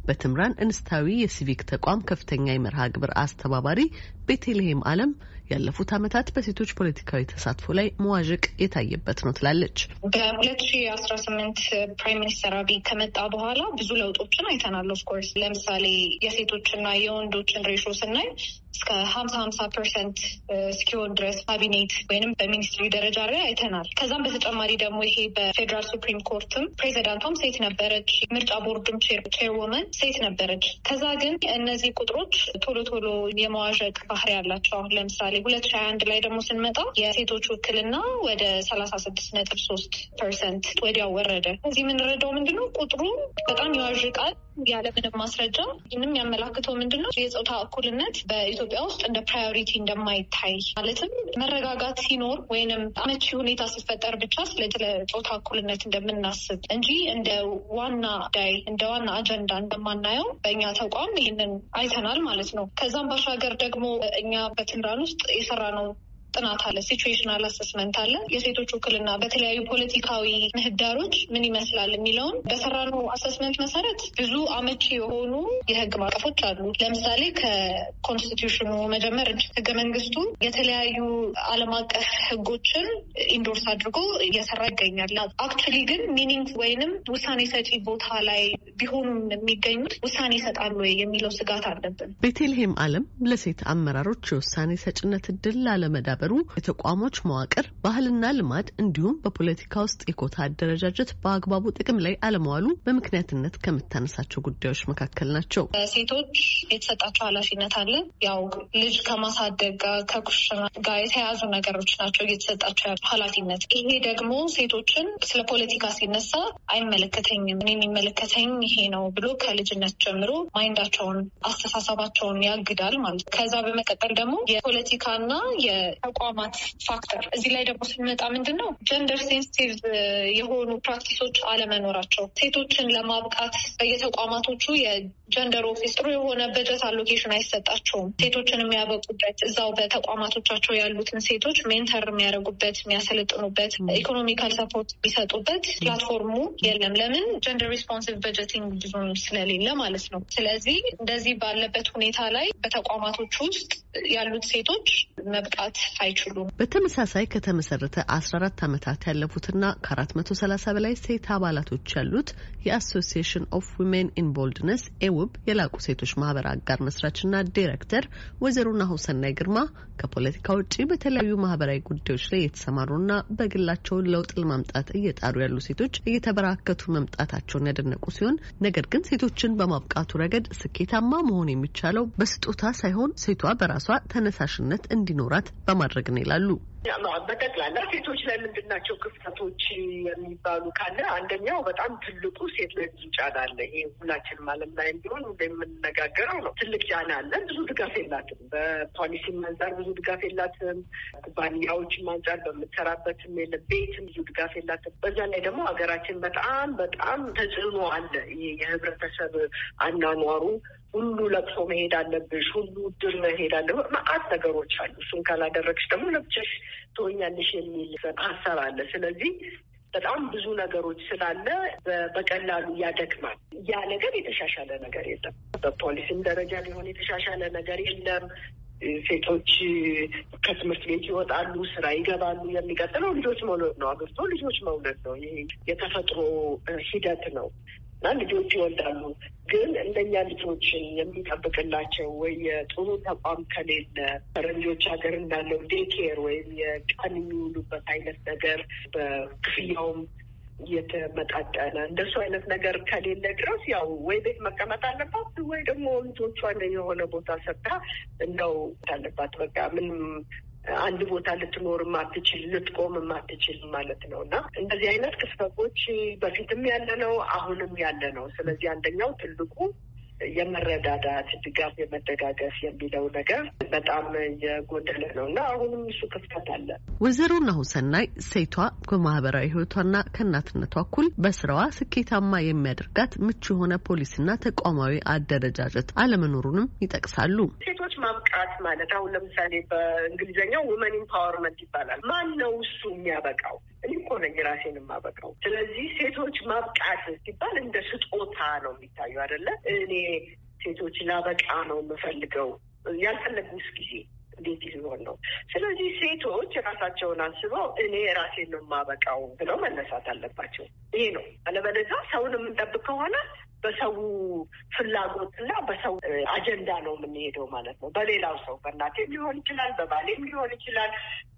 በትምራን እንስታዊ የሲቪክ ተቋም ከፍተኛ የመርሃ ግብር አስተባባሪ ቤቴልሄም አለም ያለፉት ዓመታት በሴቶች ፖለቲካዊ ተሳትፎ ላይ መዋዠቅ የታየበት ነው ትላለች። በሁለት ሺ አስራ ስምንት ፕራይም ሚኒስተር አብይ ከመጣ በኋላ ብዙ ለውጦችን አይተናል። ኦፍኮርስ ለምሳሌ የሴቶችና የወንዶችን ሬሾ ስናይ እስከ ሀምሳ ሀምሳ ፐርሰንት uh, እስኪሆን ድረስ ካቢኔት ወይም በሚኒስትሪ ደረጃ ላይ አይተናል። ከዛም በተጨማሪ ደግሞ ይሄ በፌዴራል ሱፕሪም ኮርትም ፕሬዚዳንቷም ሴት ነበረች፣ ምርጫ ቦርድም ቼር ወመን ሴት ነበረች። ከዛ ግን እነዚህ ቁጥሮች ቶሎ ቶሎ የመዋዠቅ ባህሪ ያላቸው አሁን ለምሳሌ ሁለት ሺህ አንድ ላይ ደግሞ ስንመጣ የሴቶች ውክልና ወደ ሰላሳ ስድስት ነጥብ ሶስት ፐርሰንት ወዲያው ወረደ። እዚህ የምንረዳው ምንድነው ቁጥሩ በጣም ይዋዥቃል። ያለምንም ማስረጃ ይህንም ያመላክተው ምንድን ነው የፆታ እኩልነት በኢትዮጵያ ውስጥ እንደ ፕራዮሪቲ እንደማይታይ ማለትም መረጋጋት ሲኖር ወይንም አመቺ ሁኔታ ሲፈጠር ብቻ ስለ ፆታ እኩልነት እንደምናስብ እንጂ እንደ ዋና ጉዳይ እንደ ዋና አጀንዳ እንደማናየው በእኛ ተቋም ይህንን አይተናል ማለት ነው። ከዛም ባሻገር ደግሞ እኛ በትምራን ውስጥ የሰራ ነው ጥናት አለ፣ ሲቹዌሽናል አሰስመንት አለ። የሴቶች ውክልና በተለያዩ ፖለቲካዊ ምህዳሮች ምን ይመስላል የሚለውን በሰራነው አሰስመንት መሰረት ብዙ አመቺ የሆኑ የህግ ማቀፎች አሉ። ለምሳሌ ከኮንስቲቱሽኑ መጀመር ህገ መንግስቱ የተለያዩ ዓለም አቀፍ ህጎችን ኢንዶርስ አድርጎ እየሰራ ይገኛል። አክቹሊ ግን ሚኒንግ ወይንም ውሳኔ ሰጪ ቦታ ላይ ቢሆኑም የሚገኙት ውሳኔ ይሰጣሉ ወይ የሚለው ስጋት አለብን። ቤቴልሄም አለም ለሴት አመራሮች የውሳኔ ሰጭነት እድል ላለመዳብ ማህበሩ የተቋሞች መዋቅር ባህልና ልማድ እንዲሁም በፖለቲካ ውስጥ የኮታ አደረጃጀት በአግባቡ ጥቅም ላይ አለመዋሉ በምክንያትነት ከምታነሳቸው ጉዳዮች መካከል ናቸው። ሴቶች የተሰጣቸው ኃላፊነት አለ። ያው ልጅ ከማሳደግ ጋር ከኩሽና ጋር የተያያዙ ነገሮች ናቸው እየተሰጣቸው ያሉ ኃላፊነት። ይሄ ደግሞ ሴቶችን ስለ ፖለቲካ ሲነሳ አይመለከተኝም፣ እኔ የሚመለከተኝ ይሄ ነው ብሎ ከልጅነት ጀምሮ ማይንዳቸውን አስተሳሰባቸውን ያግዳል ማለት ነው። ከዛ በመቀጠል ደግሞ የፖለቲካና ተቋማት ፋክተር። እዚህ ላይ ደግሞ ስንመጣ ምንድን ነው ጀንደር ሴንስቲቭ የሆኑ ፕራክቲሶች አለመኖራቸው፣ ሴቶችን ለማብቃት በየተቋማቶቹ የጀንደር ኦፊስ ጥሩ የሆነ በጀት አሎኬሽን አይሰጣቸውም። ሴቶችን የሚያበቁበት እዛው በተቋማቶቻቸው ያሉትን ሴቶች ሜንተር የሚያደርጉበት የሚያሰለጥኑበት፣ ኢኮኖሚካል ሰፖርት የሚሰጡበት ፕላትፎርሙ የለም። ለምን ጀንደር ሪስፖንሲቭ በጀቲንግ ብዙ ስለሌለ ማለት ነው። ስለዚህ እንደዚህ ባለበት ሁኔታ ላይ በተቋማቶች ውስጥ ያሉት ሴቶች መብቃት አይችሉም። በተመሳሳይ ከተመሰረተ አራት ዓመታት ያለፉትና ከአራት መቶ ሰላሳ በላይ ሴት አባላቶች ያሉት የአሶሲሽን ኦፍ ዊሜን ኢን ኤውብ የላቁ ሴቶች ማህበር አጋር መስራችና ዲሬክተር ወይዘሮ ናሁሰናይ ግርማ ከፖለቲካ ውጭ በተለያዩ ማህበራዊ ጉዳዮች ላይ የተሰማሩና በግላቸውን ለውጥ ለማምጣት እየጣሩ ያሉ ሴቶች እየተበራከቱ መምጣታቸውን ያደነቁ ሲሆን ነገር ግን ሴቶችን በማብቃቱ ረገድ ስኬታማ መሆን የሚቻለው በስጦታ ሳይሆን ሴቷ በራሷ ተነሳሽነት እንዲኖራት በማድረግ አላደረግን ይላሉ። በጠቅላላ ሴቶች ላይ ምንድናቸው ክፍተቶች የሚባሉ ካለ አንደኛው በጣም ትልቁ ሴት ላይ ብዙ ጫና አለ። ይሄ ሁላችንም ዓለም ላይ እንዲሆን የምንነጋገረው ነው። ትልቅ ጫና አለ። ብዙ ድጋፍ የላትም። በፖሊሲም አንጻር ብዙ ድጋፍ የላትም። ኩባንያዎችም አንጻር በምትሰራበትም የለ ቤትም ብዙ ድጋፍ የላትም። በዛ ላይ ደግሞ ሀገራችን በጣም በጣም ተጽዕኖ አለ። የህብረተሰብ አናኗሩ ሁሉ ለቅሶ መሄድ አለብሽ፣ ሁሉ ድር መሄድ አለብ መአት ነገሮች አሉ። እሱን ካላደረግሽ ደግሞ ለብቻሽ ትሆኛለሽ የሚል ሀሳብ አለ። ስለዚህ በጣም ብዙ ነገሮች ስላለ በቀላሉ ያደክማል። ያ ነገር የተሻሻለ ነገር የለም። በፖሊሲም ደረጃ ሊሆን የተሻሻለ ነገር የለም። ሴቶች ከትምህርት ቤት ይወጣሉ፣ ስራ ይገባሉ። የሚቀጥለው ልጆች መውለድ ነው፣ አግብቶ ልጆች መውለድ ነው። ይሄ የተፈጥሮ ሂደት ነው። እና ልጆች ይወልዳሉ። ግን እንደኛ ልጆችን የሚጠብቅላቸው ወይ የጥሩ ተቋም ከሌለ ፈረንጆች ሀገር እንዳለው ዴኬር ወይም የቀን የሚውሉበት አይነት ነገር በክፍያውም የተመጣጠነ እንደሱ አይነት ነገር ከሌለ ድረስ ያው ወይ ቤት መቀመጥ አለባት ወይ ደግሞ ልጆቿን የሆነ ቦታ ሰጥታ እንደው አለባት። በቃ ምንም አንድ ቦታ ልትኖር ማትችል ልትቆም ማትችል ማለት ነው እና እንደዚህ አይነት ክስተቶች በፊትም ያለ ነው፣ አሁንም ያለ ነው። ስለዚህ አንደኛው ትልቁ የመረዳዳት ድጋፍ የመደጋገፍ የሚለው ነገር በጣም የጎደለ ነው እና አሁንም እሱ ክፍተት አለ። ወይዘሮ ናሁሰናይ ሴቷ በማህበራዊ ህይወቷና ከእናትነቷ እኩል በስራዋ ስኬታማ የሚያደርጋት ምቹ የሆነ ፖሊሲና ተቋማዊ አደረጃጀት አለመኖሩንም ይጠቅሳሉ። ሴቶች ማብቃት ማለት አሁን ለምሳሌ በእንግሊዝኛው ውመን ኢምፓወርመንት ይባላል። ማን ነው እሱ የሚያበቃው? እኔ እኮ ነኝ ራሴን የማበቃው። ስለዚህ ሴቶች ማብቃት ሲባል እንደ ስጦታ ነው የሚታዩ አይደለ? እኔ ሴቶች ላበቃ ነው የምፈልገው ያልፈለጉስ ጊዜ እንዴት ሊሆን ነው? ስለዚህ ሴቶች ራሳቸውን አንስበው እኔ ራሴን ነው የማበቃው ብለው መነሳት አለባቸው። ይሄ ነው። አለበለዛ ሰውን የምንጠብቅ ከሆነ በሰው ፍላጎት እና በሰው አጀንዳ ነው የምንሄደው ማለት ነው። በሌላው ሰው በእናቴም ሊሆን ይችላል፣ በባሌም ሊሆን ይችላል፣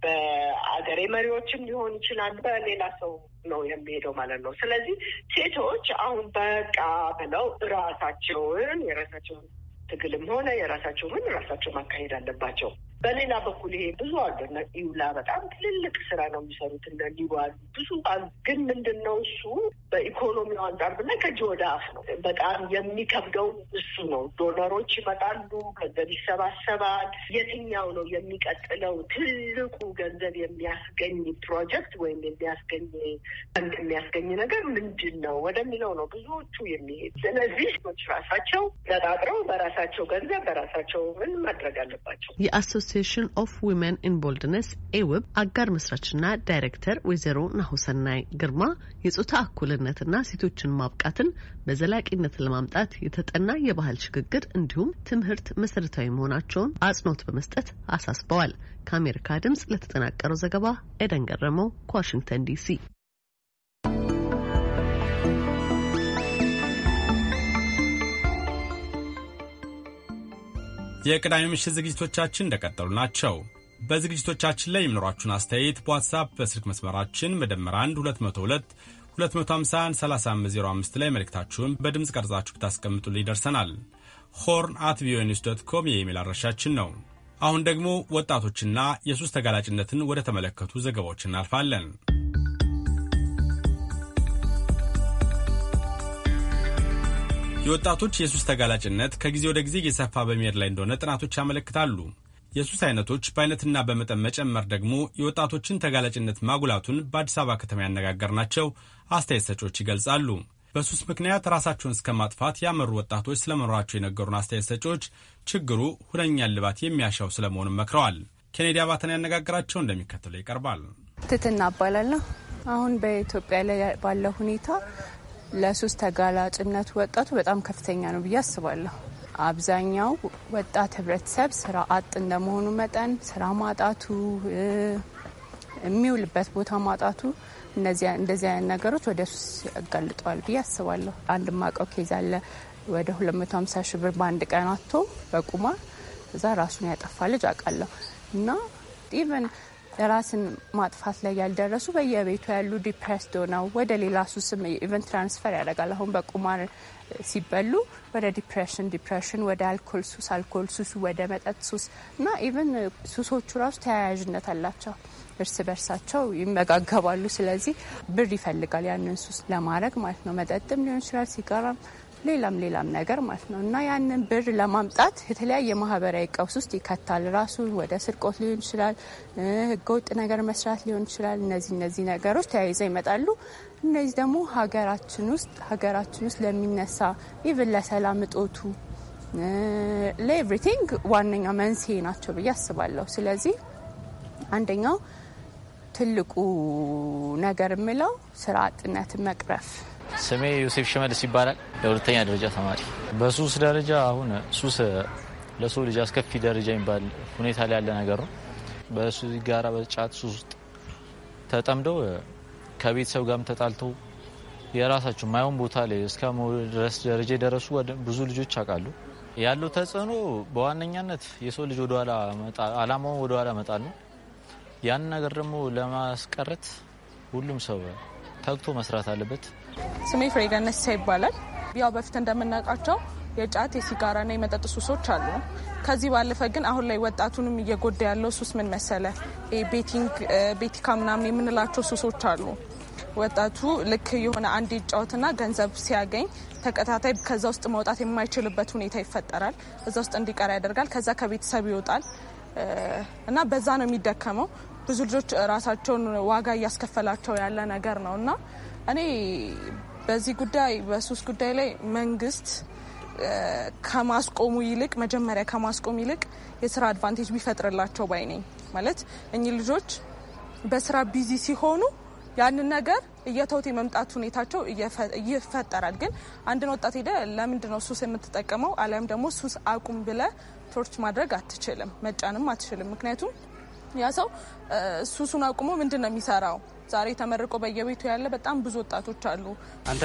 በአገሬ መሪዎችም ሊሆን ይችላል። በሌላ ሰው ነው የሚሄደው ማለት ነው። ስለዚህ ሴቶች አሁን በቃ ብለው ራሳቸውን የራሳቸውን ትግልም ሆነ የራሳቸውን ራሳቸው ማካሄድ አለባቸው። በሌላ በኩል ይሄ ብዙ አሉ። እነ ኢውላ በጣም ትልልቅ ስራ ነው የሚሰሩት። እነ ሊባል አሉ፣ ብዙ ግን ምንድን ነው እሱ በኢኮኖሚው አንጻር ብና ከእጅ ወደ አፍ ነው። በጣም የሚከብደው እሱ ነው። ዶነሮች ይመጣሉ፣ ገንዘብ ይሰባሰባል። የትኛው ነው የሚቀጥለው ትልቁ ገንዘብ የሚያስገኝ ፕሮጀክት ወይም የሚያስገኝ ንድ የሚያስገኝ ነገር ምንድን ነው ወደሚለው ነው ብዙዎቹ የሚሄድ። ስለዚህ ራሳቸው ተጣጥረው በራሳቸው ገንዘብ በራሳቸው ምን ማድረግ አለባቸው። አሶሲሽን ኦፍ ዊሜን ኢን ቦልድነስ ኤውብ አጋር መስራችና ዳይሬክተር ወይዘሮ ናሁሰናይ ግርማ የጾታ እኩልነትና ሴቶችን ማብቃትን በዘላቂነት ለማምጣት የተጠና የባህል ሽግግር እንዲሁም ትምህርት መሰረታዊ መሆናቸውን አጽንኦት በመስጠት አሳስበዋል። ከአሜሪካ ድምጽ ለተጠናቀረው ዘገባ ኤደን ገረመው ከዋሽንግተን ዲሲ የቅዳሜ ምሽት ዝግጅቶቻችን እንደቀጠሉ ናቸው። በዝግጅቶቻችን ላይ የሚኖሯችሁን አስተያየት በዋትሳፕ በስልክ መስመራችን መደመር 1 202 251 3505 ላይ መልእክታችሁን በድምፅ ቀርጻችሁ ብታስቀምጡልን ይደርሰናል። ሆርን አት ቪኦኤ ኒውስ ዶት ኮም የኢሜል አድራሻችን ነው። አሁን ደግሞ ወጣቶችና የሱስ ተጋላጭነትን ወደ ተመለከቱ ዘገባዎች እናልፋለን። የወጣቶች የሱስ ተጋላጭነት ከጊዜ ወደ ጊዜ እየሰፋ በመሄድ ላይ እንደሆነ ጥናቶች ያመለክታሉ። የሱስ አይነቶች በአይነትና በመጠን መጨመር ደግሞ የወጣቶችን ተጋላጭነት ማጉላቱን በአዲስ አበባ ከተማ ያነጋገርናቸው አስተያየት ሰጪዎች ይገልጻሉ። በሱስ ምክንያት ራሳቸውን እስከ ማጥፋት ያመሩ ወጣቶች ስለመኖራቸው የነገሩን አስተያየት ሰጮች ችግሩ ሁነኛ ልባት የሚያሻው ስለመሆኑም መክረዋል። ኬኔዲ አባተን ያነጋግራቸው እንደሚከተለው ይቀርባል። ትትና እባላለሁ። አሁን በኢትዮጵያ ላይ ባለው ሁኔታ ለሱስ ተጋላጭነት ወጣቱ በጣም ከፍተኛ ነው ብዬ አስባለሁ። አብዛኛው ወጣት ህብረተሰብ ስራ አጥ እንደመሆኑ መጠን ስራ ማጣቱ፣ የሚውልበት ቦታ ማጣቱ እንደዚህ አይነት ነገሮች ወደ ሱስ ያጋልጠዋል ብዬ አስባለሁ። አንድ ማቀው ኬዝ አለ ወደ 250 ሺህ ብር በአንድ ቀን አቶ በቁማር እዛ ራሱን ያጠፋ ልጅ አውቃለሁ እና ኢቨን ራስን ማጥፋት ላይ ያልደረሱ በየቤቱ ያሉ ዲፕሬስድ ሆነው ወደ ሌላ ሱስም ኢቨን ትራንስፈር ያደርጋል። አሁን በቁማር ሲበሉ ወደ ዲፕሬሽን፣ ዲፕሬሽን ወደ አልኮል ሱስ፣ አልኮል ሱስ ወደ መጠጥ ሱስ እና ኢቨን ሱሶቹ ራሱ ተያያዥነት አላቸው። እርስ በርሳቸው ይመጋገባሉ። ስለዚህ ብር ይፈልጋል ያንን ሱስ ለማድረግ ማለት ነው። መጠጥም ሊሆን ይችላል፣ ሲጋራም ሌላም ሌላም ነገር ማለት ነው እና ያንን ብር ለማምጣት የተለያየ ማህበራዊ ቀውስ ውስጥ ይከታል። ራሱን ወደ ስርቆት ሊሆን ይችላል፣ ህገወጥ ነገር መስራት ሊሆን ይችላል። እነዚህ እነዚህ ነገሮች ተያይዘው ይመጣሉ። እነዚህ ደግሞ ሀገራችን ውስጥ ሀገራችን ውስጥ ለሚነሳ ኢቭን ለሰላም እጦቱ ለኤቭሪቲንግ ዋነኛ መንስኤ ናቸው ብዬ አስባለሁ። ስለዚህ አንደኛው ትልቁ ነገር የምለው ስራ አጥነትን መቅረፍ ስሜ ዮሴፍ ሽመልስ ይባላል። የሁለተኛ ደረጃ ተማሪ። በሱስ ደረጃ አሁን ሱስ ለሰው ልጅ አስከፊ ደረጃ የሚባል ሁኔታ ላይ ያለ ነገር ነው። ጋራ በጫት ሱስ ውስጥ ተጠምደው ከቤተሰብ ጋርም ተጣልተው የራሳቸው ማየውን ቦታ ላይ እስከ ድረስ ደረጃ የደረሱ ብዙ ልጆች አውቃሉ። ያለው ተጽዕኖ በዋነኛነት የሰው ልጅ ወደኋላ አላማውን ወደኋላ መጣል ነው። ያን ነገር ደግሞ ለማስቀረት ሁሉም ሰው ተግቶ መስራት አለበት። ስሜ ፍሬገነስ ይባላል። ያው በፊት እንደምናውቃቸው የጫት የሲጋራና የመጠጥ ሱሶች አሉ። ከዚህ ባለፈ ግን አሁን ላይ ወጣቱንም እየጎዳ ያለው ሱስ ምን መሰለ፣ ቤቲካ ምናምን የምንላቸው ሱሶች አሉ። ወጣቱ ልክ የሆነ አንድ ይጫወትና ገንዘብ ሲያገኝ ተከታታይ ከዛ ውስጥ መውጣት የማይችልበት ሁኔታ ይፈጠራል። እዛ ውስጥ እንዲቀራ ያደርጋል። ከዛ ከቤተሰብ ይወጣል እና በዛ ነው የሚደከመው። ብዙ ልጆች ራሳቸውን ዋጋ እያስከፈላቸው ያለ ነገር ነው እና እኔ በዚህ ጉዳይ በሱስ ጉዳይ ላይ መንግስት ከማስቆሙ ይልቅ መጀመሪያ ከማስቆም ይልቅ የስራ አድቫንቴጅ ቢፈጥርላቸው ባይ ነኝ። ማለት እኚህ ልጆች በስራ ቢዚ ሲሆኑ ያንን ነገር እየተውት የመምጣት ሁኔታቸው ይፈጠራል። ግን አንድን ወጣት ሄደ ለምንድን ነው ሱስ የምትጠቀመው አሊያም ደግሞ ሱስ አቁም ብለ ቶርች ማድረግ አትችልም፣ መጫንም አትችልም። ምክንያቱም ያ ሰው ሱሱን አቁሞ ምንድን ነው የሚሰራው? ዛሬ ተመርቆ በየቤቱ ያለ በጣም ብዙ ወጣቶች አሉ።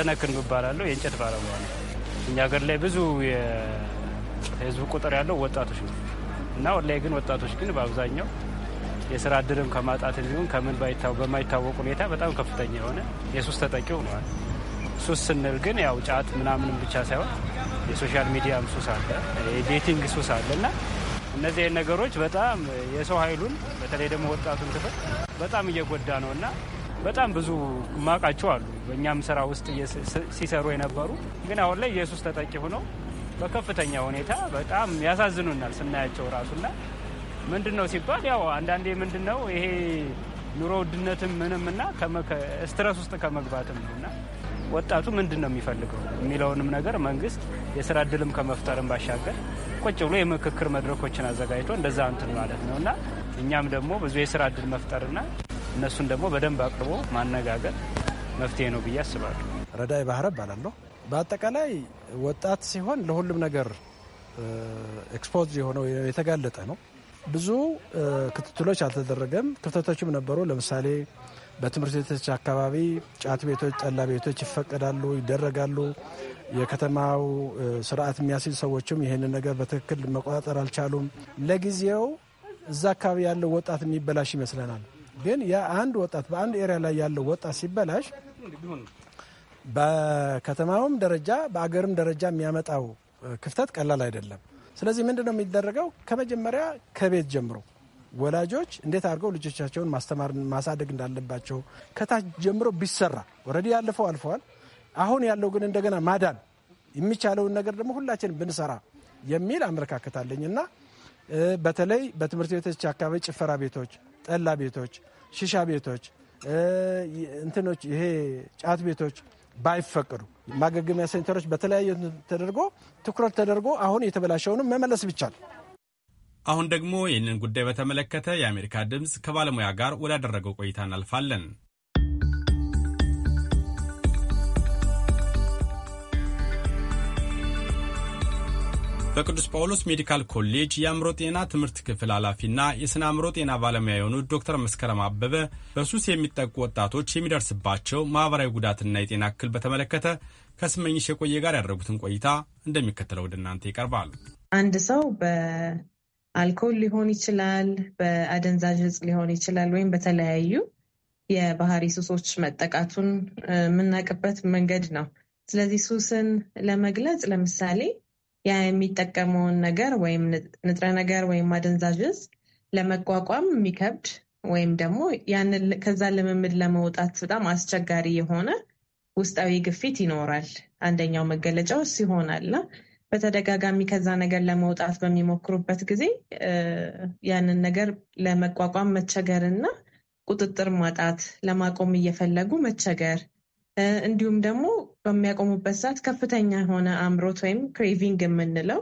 ነክን እባላለሁ። የእንጨት ባለሙያ ነው። እኛ ሀገር ላይ ብዙ የህዝብ ቁጥር ያለው ወጣቶች ነው እና ወላሂ ግን ወጣቶች ግን በአብዛኛው የስራ እድልም ከማጣት እንዲሁም ከምን በማይታወቅ ሁኔታ በጣም ከፍተኛ የሆነ የሱስ ተጠቂ ሆነዋል። ሱስ ስንል ግን ያው ጫት ምናምንም ብቻ ሳይሆን የሶሻል ሚዲያም ሱስ አለ፣ የዴቲንግ ሱስ አለ እና እነዚህ ነገሮች በጣም የሰው ኃይሉን በተለይ ደግሞ ወጣቱን ክፍል በጣም እየጎዳ ነው እና በጣም ብዙ ማቃቸው አሉ በእኛም ስራ ውስጥ ሲሰሩ የነበሩ ግን አሁን ላይ ኢየሱስ ተጠቂ ሆነው በከፍተኛ ሁኔታ በጣም ያሳዝኑናል ስናያቸው ራሱና ምንድን ነው ሲባል ያው አንዳንዴ ምንድን ነው ይሄ ኑሮ ውድነትም ምንም ና ስትረስ ውስጥ ከመግባትም ነውና ወጣቱ ምንድን ነው የሚፈልገው የሚለውንም ነገር መንግስት የስራ እድልም ከመፍጠርም ባሻገር ቁጭ ብሎ የምክክር መድረኮችን አዘጋጅቶ እንደዛ እንትን ማለት ነው እና እኛም ደግሞ ብዙ የስራ እድል መፍጠርና እነሱን ደግሞ በደንብ አቅርቦ ማነጋገር መፍትሄ ነው ብዬ አስባለሁ። ረዳይ ባህረ እባላለሁ። በአጠቃላይ ወጣት ሲሆን ለሁሉም ነገር ኤክስፖዝ የሆነው የተጋለጠ ነው። ብዙ ክትትሎች አልተደረገም፣ ክፍተቶችም ነበሩ። ለምሳሌ በትምህርት ቤቶች አካባቢ ጫት ቤቶች፣ ጠላ ቤቶች ይፈቀዳሉ፣ ይደረጋሉ። የከተማው ስርዓት የሚያስይዝ ሰዎችም ይህንን ነገር በትክክል መቆጣጠር አልቻሉም። ለጊዜው እዛ አካባቢ ያለው ወጣት የሚበላሽ ይመስለናል። ግን የአንድ ወጣት በአንድ ኤሪያ ላይ ያለው ወጣት ሲበላሽ በከተማውም ደረጃ በአገርም ደረጃ የሚያመጣው ክፍተት ቀላል አይደለም። ስለዚህ ምንድን ነው የሚደረገው? ከመጀመሪያ ከቤት ጀምሮ ወላጆች እንዴት አድርገው ልጆቻቸውን ማስተማር ማሳደግ እንዳለባቸው ከታች ጀምሮ ቢሰራ ኦልሬዲ ያለፈው አልፈዋል። አሁን ያለው ግን እንደገና ማዳን የሚቻለውን ነገር ደግሞ ሁላችን ብንሰራ የሚል አመለካከት አለኝ እና በተለይ በትምህርት ቤቶች አካባቢ ጭፈራ ቤቶች፣ ጠላ ቤቶች፣ ሽሻ ቤቶች፣ እንትኖች ይሄ ጫት ቤቶች ባይፈቅዱ ማገገሚያ ሴንተሮች በተለያየ ተደርጎ ትኩረት ተደርጎ አሁን የተበላሸውንም መመለስ ብቻል። አሁን ደግሞ ይህንን ጉዳይ በተመለከተ የአሜሪካ ድምፅ ከባለሙያ ጋር ወዳደረገው ቆይታ እናልፋለን። በቅዱስ ጳውሎስ ሜዲካል ኮሌጅ የአእምሮ ጤና ትምህርት ክፍል ኃላፊና የስነ አእምሮ ጤና ባለሙያ የሆኑት ዶክተር መስከረም አበበ በሱስ የሚጠቁ ወጣቶች የሚደርስባቸው ማኅበራዊ ጉዳትና የጤና እክል በተመለከተ ከስመኝሽ የቆየ ጋር ያደረጉትን ቆይታ እንደሚከተለው ወደ እናንተ ይቀርባል። አንድ ሰው በአልኮል ሊሆን ይችላል፣ በአደንዛዥ ዕፅ ሊሆን ይችላል፣ ወይም በተለያዩ የባህሪ ሱሶች መጠቃቱን የምናውቅበት መንገድ ነው። ስለዚህ ሱስን ለመግለጽ ለምሳሌ ያ የሚጠቀመውን ነገር ወይም ንጥረ ነገር ወይም አደንዛዥ እጽ ለመቋቋም የሚከብድ ወይም ደግሞ ያንን ከዛ ልምምድ ለመውጣት በጣም አስቸጋሪ የሆነ ውስጣዊ ግፊት ይኖራል። አንደኛው መገለጫው ሲሆናልና በተደጋጋሚ ከዛ ነገር ለመውጣት በሚሞክሩበት ጊዜ ያንን ነገር ለመቋቋም መቸገርና ቁጥጥር ማጣት፣ ለማቆም እየፈለጉ መቸገር እንዲሁም ደግሞ በሚያቆሙበት ሰዓት ከፍተኛ የሆነ አምሮት ወይም ክሬቪንግ የምንለው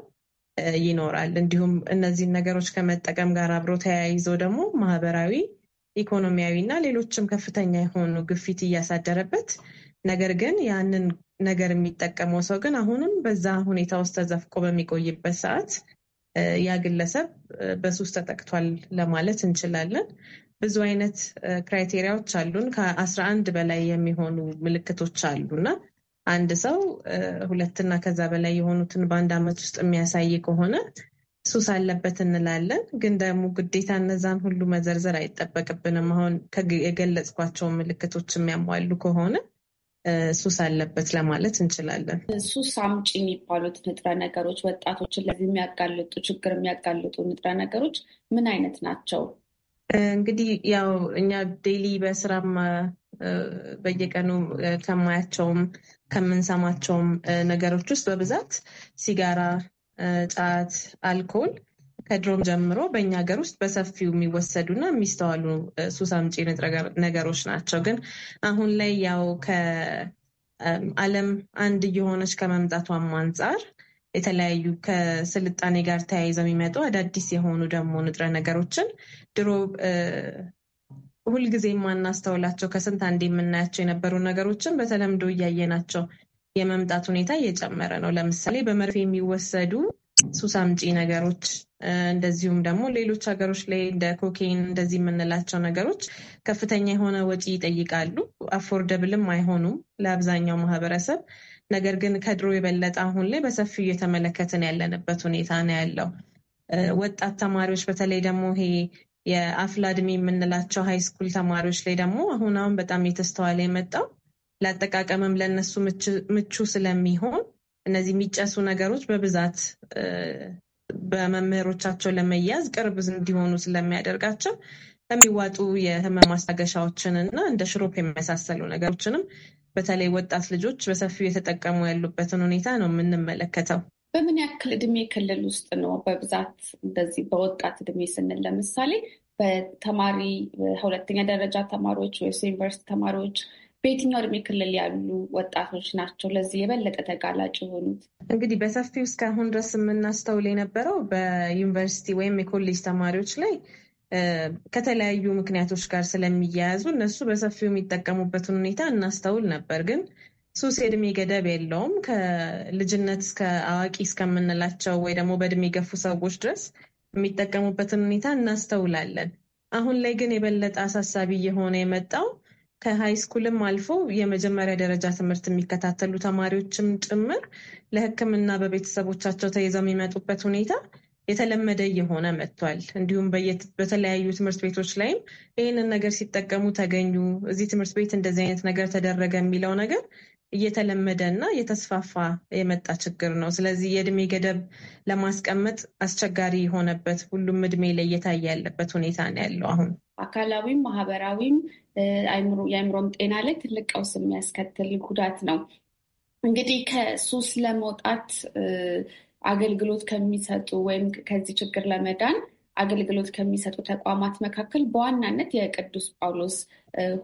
ይኖራል። እንዲሁም እነዚህን ነገሮች ከመጠቀም ጋር አብሮ ተያይዞ ደግሞ ማህበራዊ፣ ኢኮኖሚያዊ እና ሌሎችም ከፍተኛ የሆኑ ግፊት እያሳደረበት ነገር ግን ያንን ነገር የሚጠቀመው ሰው ግን አሁንም በዛ ሁኔታ ውስጥ ተዘፍቆ በሚቆይበት ሰዓት ያ ግለሰብ በሱስ ተጠቅቷል ለማለት እንችላለን። ብዙ አይነት ክራይቴሪያዎች አሉን። ከአስራ አንድ በላይ የሚሆኑ ምልክቶች አሉና አንድ ሰው ሁለትና ከዛ በላይ የሆኑትን በአንድ ዓመት ውስጥ የሚያሳይ ከሆነ ሱስ አለበት እንላለን። ግን ደግሞ ግዴታ እነዛን ሁሉ መዘርዘር አይጠበቅብንም። አሁን የገለጽኳቸውን ምልክቶች የሚያሟሉ ከሆነ ሱስ አለበት ለማለት እንችላለን። ሱስ አምጪ የሚባሉት ንጥረ ነገሮች ወጣቶችን ለዚህ የሚያጋልጡ ችግር የሚያጋልጡ ንጥረ ነገሮች ምን አይነት ናቸው? እንግዲህ ያው እኛ ዴይሊ በስራም በየቀኑ ከማያቸውም ከምንሰማቸውም ነገሮች ውስጥ በብዛት ሲጋራ፣ ጫት፣ አልኮል ከድሮም ጀምሮ በእኛ ሀገር ውስጥ በሰፊው የሚወሰዱና የሚስተዋሉ ሱስ አምጪ ንጥረ ነገሮች ናቸው። ግን አሁን ላይ ያው ከዓለም አንድ እየሆነች ከመምጣቷም አንጻር የተለያዩ ከስልጣኔ ጋር ተያይዘው የሚመጡ አዳዲስ የሆኑ ደግሞ ንጥረ ነገሮችን ድሮ ሁልጊዜ የማናስተውላቸው ከስንት አንድ የምናያቸው የነበሩ ነገሮችን በተለምዶ እያየናቸው የመምጣት ሁኔታ እየጨመረ ነው። ለምሳሌ በመርፌ የሚወሰዱ ሱስ አምጪ ነገሮች እንደዚሁም ደግሞ ሌሎች ሀገሮች ላይ እንደ ኮኬን እንደዚህ የምንላቸው ነገሮች ከፍተኛ የሆነ ወጪ ይጠይቃሉ። አፎርደብልም አይሆኑም ለአብዛኛው ማህበረሰብ። ነገር ግን ከድሮ የበለጠ አሁን ላይ በሰፊው እየተመለከትን ያለንበት ሁኔታ ነው ያለው። ወጣት ተማሪዎች በተለይ ደግሞ ይሄ የአፍላ እድሜ የምንላቸው ሃይስኩል ተማሪዎች ላይ ደግሞ አሁን አሁን በጣም የተስተዋለ የመጣው ለአጠቃቀምም ለእነሱ ምቹ ስለሚሆን እነዚህ የሚጨሱ ነገሮች በብዛት በመምህሮቻቸው ለመያዝ ቅርብ እንዲሆኑ ስለሚያደርጋቸው የሚዋጡ የህመም ማስታገሻዎችን እና እንደ ሽሮፕ የመሳሰሉ ነገሮችንም በተለይ ወጣት ልጆች በሰፊው የተጠቀሙ ያሉበትን ሁኔታ ነው የምንመለከተው። በምን ያክል እድሜ ክልል ውስጥ ነው በብዛት እንደዚህ በወጣት እድሜ ስንል ለምሳሌ በተማሪ ሁለተኛ ደረጃ ተማሪዎች ወይ ዩኒቨርሲቲ ተማሪዎች በየትኛው እድሜ ክልል ያሉ ወጣቶች ናቸው ለዚህ የበለጠ ተጋላጭ የሆኑት? እንግዲህ በሰፊው እስካሁን ድረስ የምናስተውል የነበረው በዩኒቨርሲቲ ወይም የኮሌጅ ተማሪዎች ላይ ከተለያዩ ምክንያቶች ጋር ስለሚያያዙ እነሱ በሰፊው የሚጠቀሙበትን ሁኔታ እናስተውል ነበር ግን ሱስ የእድሜ ገደብ የለውም። ከልጅነት እስከ አዋቂ እስከምንላቸው ወይ ደግሞ በእድሜ የገፉ ሰዎች ድረስ የሚጠቀሙበትን ሁኔታ እናስተውላለን። አሁን ላይ ግን የበለጠ አሳሳቢ እየሆነ የመጣው ከሃይስኩልም አልፎ የመጀመሪያ ደረጃ ትምህርት የሚከታተሉ ተማሪዎችም ጭምር ለሕክምና በቤተሰቦቻቸው ተይዘው የሚመጡበት ሁኔታ የተለመደ እየሆነ መጥቷል። እንዲሁም በተለያዩ ትምህርት ቤቶች ላይም ይህንን ነገር ሲጠቀሙ ተገኙ፣ እዚህ ትምህርት ቤት እንደዚህ አይነት ነገር ተደረገ የሚለው ነገር እየተለመደ እና እየተስፋፋ የመጣ ችግር ነው። ስለዚህ የእድሜ ገደብ ለማስቀመጥ አስቸጋሪ የሆነበት ሁሉም እድሜ ላይ እየታየ ያለበት ሁኔታ ነው ያለው አሁን አካላዊም ማህበራዊም የአእምሮም ጤና ላይ ትልቅ ቀውስ የሚያስከትል ጉዳት ነው። እንግዲህ ከሱስ ለመውጣት አገልግሎት ከሚሰጡ ወይም ከዚህ ችግር ለመዳን አገልግሎት ከሚሰጡ ተቋማት መካከል በዋናነት የቅዱስ ጳውሎስ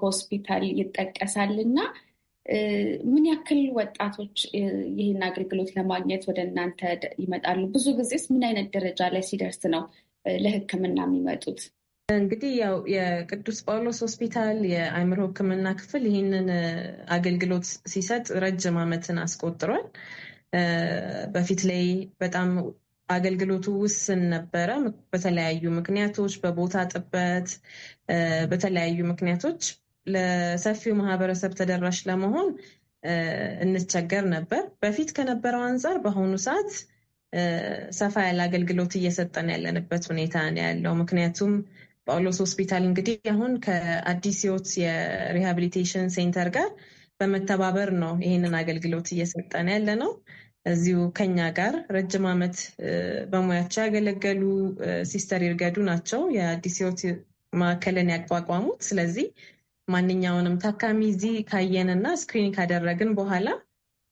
ሆስፒታል ይጠቀሳል እና ምን ያክል ወጣቶች ይህን አገልግሎት ለማግኘት ወደ እናንተ ይመጣሉ? ብዙ ጊዜስ ምን አይነት ደረጃ ላይ ሲደርስ ነው ለሕክምና የሚመጡት? እንግዲህ ያው የቅዱስ ጳውሎስ ሆስፒታል የአእምሮ ሕክምና ክፍል ይህንን አገልግሎት ሲሰጥ ረጅም ዓመትን አስቆጥሯል። በፊት ላይ በጣም አገልግሎቱ ውስን ነበረ። በተለያዩ ምክንያቶች፣ በቦታ ጥበት፣ በተለያዩ ምክንያቶች ለሰፊው ማህበረሰብ ተደራሽ ለመሆን እንቸገር ነበር። በፊት ከነበረው አንጻር በአሁኑ ሰዓት ሰፋ ያለ አገልግሎት እየሰጠን ያለንበት ሁኔታ ያለው። ምክንያቱም ጳውሎስ ሆስፒታል እንግዲህ አሁን ከአዲስ ህይወት የሪሃብሊቴሽን ሴንተር ጋር በመተባበር ነው ይህንን አገልግሎት እየሰጠን ያለ ነው። እዚሁ ከኛ ጋር ረጅም ዓመት በሙያቸው ያገለገሉ ሲስተር ይርገዱ ናቸው የአዲስ ህይወት ማዕከልን ያቋቋሙት። ስለዚህ ማንኛውንም ታካሚ እዚህ ካየንና ስክሪን ካደረግን በኋላ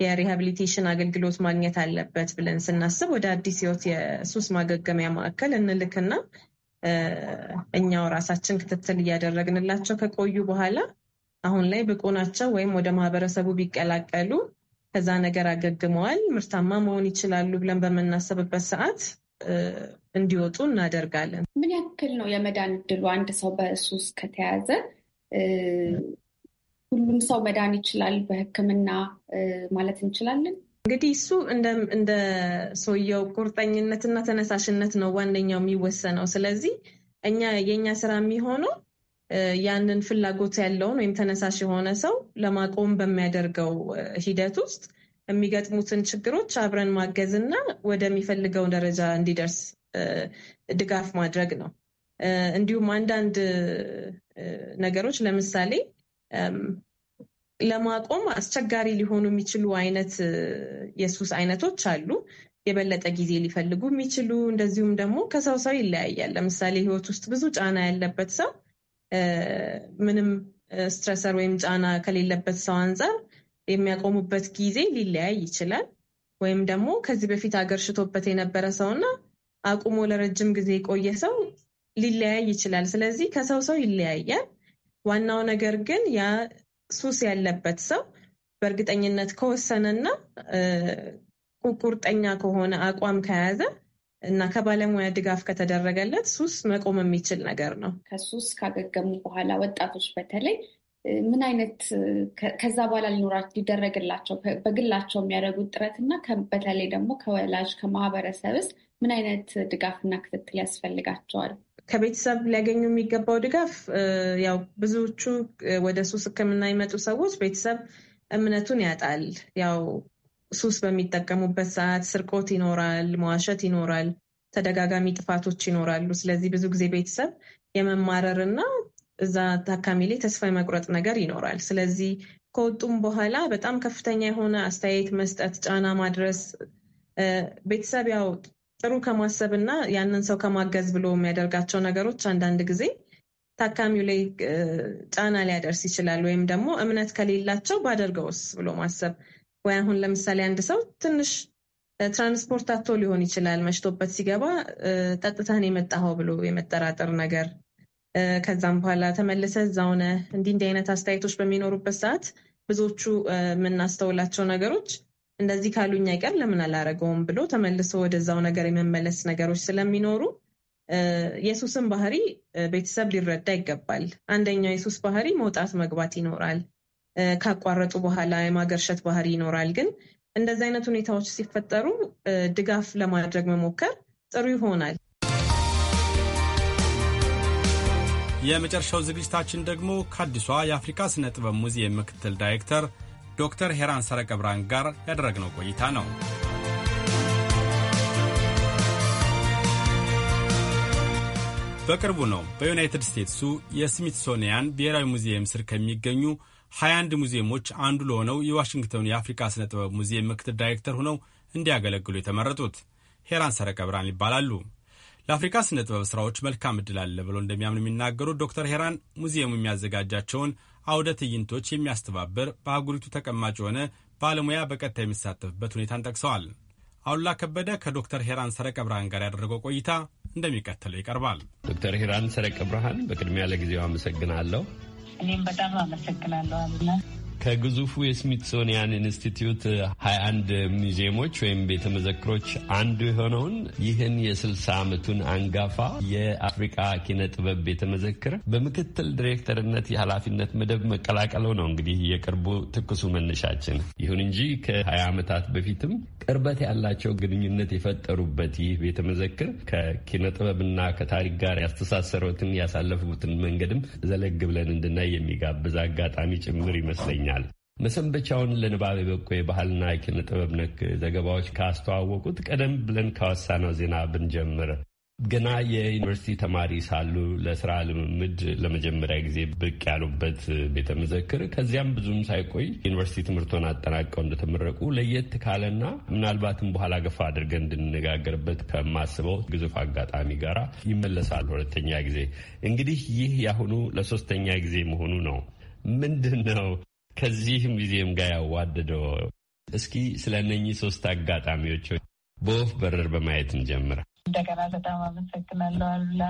የሪሃብሊቴሽን አገልግሎት ማግኘት አለበት ብለን ስናስብ ወደ አዲስ ህይወት የሱስ ማገገሚያ ማዕከል እንልክና እኛው ራሳችን ክትትል እያደረግንላቸው ከቆዩ በኋላ አሁን ላይ ብቁ ናቸው ወይም ወደ ማህበረሰቡ ቢቀላቀሉ ከዛ ነገር አገግመዋል፣ ምርታማ መሆን ይችላሉ ብለን በምናስብበት ሰዓት እንዲወጡ እናደርጋለን። ምን ያክል ነው የመዳን እድሉ አንድ ሰው በሱስ ከተያዘ? ሁሉም ሰው መዳን ይችላል በህክምና ማለት እንችላለን? እንግዲህ እሱ እንደ ሰውየው ቁርጠኝነትና ተነሳሽነት ነው ዋነኛው የሚወሰነው። ስለዚህ እኛ የእኛ ስራ የሚሆነው ያንን ፍላጎት ያለውን ወይም ተነሳሽ የሆነ ሰው ለማቆም በሚያደርገው ሂደት ውስጥ የሚገጥሙትን ችግሮች አብረን ማገዝ እና ወደሚፈልገው ደረጃ እንዲደርስ ድጋፍ ማድረግ ነው። እንዲሁም አንዳንድ ነገሮች ለምሳሌ ለማቆም አስቸጋሪ ሊሆኑ የሚችሉ አይነት የሱስ አይነቶች አሉ። የበለጠ ጊዜ ሊፈልጉ የሚችሉ እንደዚሁም ደግሞ ከሰው ሰው ይለያያል። ለምሳሌ ህይወት ውስጥ ብዙ ጫና ያለበት ሰው ምንም ስትረሰር ወይም ጫና ከሌለበት ሰው አንጻር የሚያቆሙበት ጊዜ ሊለያይ ይችላል። ወይም ደግሞ ከዚህ በፊት አገርሽቶበት የነበረ ሰው እና አቁሞ ለረጅም ጊዜ የቆየ ሰው ሊለያይ ይችላል። ስለዚህ ከሰው ሰው ይለያያል። ዋናው ነገር ግን ያ ሱስ ያለበት ሰው በእርግጠኝነት ከወሰነና ቁርጠኛ ከሆነ አቋም ከያዘ እና ከባለሙያ ድጋፍ ከተደረገለት ሱስ መቆም የሚችል ነገር ነው። ከሱስ ካገገሙ በኋላ ወጣቶች በተለይ ምን አይነት ከዛ በኋላ ሊደረግላቸው በግላቸው የሚያደርጉት ጥረት እና በተለይ ደግሞ ከወላጅ ከማህበረሰብስ ምን አይነት ድጋፍና ክትትል ያስፈልጋቸዋል? ከቤተሰብ ሊያገኙ የሚገባው ድጋፍ ያው ብዙዎቹ ወደ ሱስ ሕክምና የመጡ ሰዎች ቤተሰብ እምነቱን ያጣል። ያው ሱስ በሚጠቀሙበት ሰዓት ስርቆት ይኖራል፣ መዋሸት ይኖራል፣ ተደጋጋሚ ጥፋቶች ይኖራሉ። ስለዚህ ብዙ ጊዜ ቤተሰብ የመማረር እና እዛ ታካሚ ላይ ተስፋ የመቁረጥ ነገር ይኖራል። ስለዚህ ከወጡም በኋላ በጣም ከፍተኛ የሆነ አስተያየት መስጠት፣ ጫና ማድረስ ቤተሰብ ያው ጥሩ ከማሰብ እና ያንን ሰው ከማገዝ ብሎ የሚያደርጋቸው ነገሮች አንዳንድ ጊዜ ታካሚው ላይ ጫና ሊያደርስ ይችላል። ወይም ደግሞ እምነት ከሌላቸው ባደርገውስ ብሎ ማሰብ ወይ አሁን ለምሳሌ አንድ ሰው ትንሽ ትራንስፖርት አቶ ሊሆን ይችላል መሽቶበት ሲገባ ጠጥተህን የመጣኸው ብሎ የመጠራጠር ነገር፣ ከዛም በኋላ ተመልሰ እዛውነ ነህ። እንዲህ እንዲህ አይነት አስተያየቶች በሚኖሩበት ሰዓት ብዙዎቹ የምናስተውላቸው ነገሮች እንደዚህ ካሉኝ አይቀር ለምን አላረገውም ብሎ ተመልሶ ወደዛው ነገር የመመለስ ነገሮች ስለሚኖሩ የሱስን ባህሪ ቤተሰብ ሊረዳ ይገባል። አንደኛው የሱስ ባህሪ መውጣት መግባት ይኖራል። ካቋረጡ በኋላ የማገርሸት ባህሪ ይኖራል። ግን እንደዚህ አይነት ሁኔታዎች ሲፈጠሩ ድጋፍ ለማድረግ መሞከር ጥሩ ይሆናል። የመጨረሻው ዝግጅታችን ደግሞ ከአዲሷ የአፍሪካ ስነ ጥበብ ሙዚየም ምክትል ዳይሬክተር ዶክተር ሄራን ሰረቀብራን ጋር ያደረግነው ቆይታ ነው። በቅርቡ ነው በዩናይትድ ስቴትሱ የስሚትሶኒያን ብሔራዊ ሙዚየም ስር ከሚገኙ 21 ሙዚየሞች አንዱ ለሆነው የዋሽንግተኑ የአፍሪካ ስነ ጥበብ ሙዚየም ምክትል ዳይሬክተር ሆነው እንዲያገለግሉ የተመረጡት ሄራን ሰረቀብራን ይባላሉ። ለአፍሪካ ስነ ጥበብ ስራዎች መልካም እድል አለ ብለው እንደሚያምኑ የሚናገሩት ዶክተር ሄራን ሙዚየሙ የሚያዘጋጃቸውን አውደ ትዕይንቶች የሚያስተባብር በአህጉሪቱ ተቀማጭ የሆነ ባለሙያ በቀጥታ የሚሳተፍበት ሁኔታን ጠቅሰዋል። አሉላ ከበደ ከዶክተር ሄራን ሰረቀ ብርሃን ጋር ያደረገው ቆይታ እንደሚቀጥለው ይቀርባል። ዶክተር ሄራን ሰረቀ ብርሃን በቅድሚያ ለጊዜው አመሰግናለሁ። እኔም በጣም አመሰግናለሁ አሉላ። ከግዙፉ የስሚትሶኒያን ኢንስቲትዩት 21 ሙዚየሞች ወይም ቤተ መዘክሮች አንዱ የሆነውን ይህን የ60 ዓመቱን አንጋፋ የአፍሪቃ ኪነ ጥበብ ቤተ መዘክር በምክትል ዲሬክተርነት የኃላፊነት መደብ መቀላቀለው ነው እንግዲህ የቅርቡ ትኩሱ መነሻችን። ይሁን እንጂ ከ20 ዓመታት በፊትም ቅርበት ያላቸው ግንኙነት የፈጠሩበት ይህ ቤተ መዘክር ከኪነ ጥበብና ከታሪክ ጋር ያስተሳሰሩትን ያሳለፉትን መንገድም ዘለግ ብለን እንድናይ የሚጋብዝ አጋጣሚ ጭምር ይመስለኛል። ይገኛል። መሰንበቻውን ለንባብ የበቁ የባህልና የኪነ ጥበብ ነክ ዘገባዎች ካስተዋወቁት ቀደም ብለን ካወሳነው ዜና ብንጀምር ገና የዩኒቨርሲቲ ተማሪ ሳሉ ለስራ ልምምድ ለመጀመሪያ ጊዜ ብቅ ያሉበት ቤተ መዘክር ከዚያም ብዙም ሳይቆይ ዩኒቨርሲቲ ትምህርቶን አጠናቀው እንደተመረቁ ለየት ካለና ምናልባትም በኋላ ገፋ አድርገን እንድንነጋገርበት ከማስበው ግዙፍ አጋጣሚ ጋራ ይመለሳሉ። ሁለተኛ ጊዜ እንግዲህ ይህ ያሁኑ ለሶስተኛ ጊዜ መሆኑ ነው። ምንድን ነው ከዚህም ጊዜም ጋር ያዋደደው እስኪ ስለ እነኚህ ሶስት አጋጣሚዎች በወፍ በረር በማየት እንጀምር። እንደገና በጣም አመሰግናለሁ አሉላ።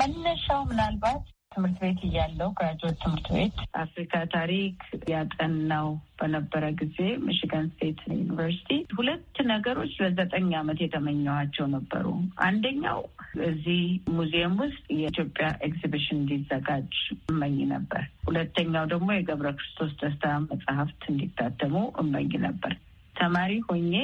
መነሻው ምናልባት ትምህርት ቤት እያለው ግራጁዌት ትምህርት ቤት አፍሪካ ታሪክ ያጠናው በነበረ ጊዜ ሚሽጋን ስቴት ዩኒቨርሲቲ ሁለት ነገሮች ለዘጠኝ ዓመት የተመኘኋቸው ነበሩ። አንደኛው እዚህ ሙዚየም ውስጥ የኢትዮጵያ ኤግዚቢሽን እንዲዘጋጅ እመኝ ነበር። ሁለተኛው ደግሞ የገብረ ክርስቶስ ደስታ መጽሐፍት እንዲታተሙ እመኝ ነበር። ተማሪ ሆኜ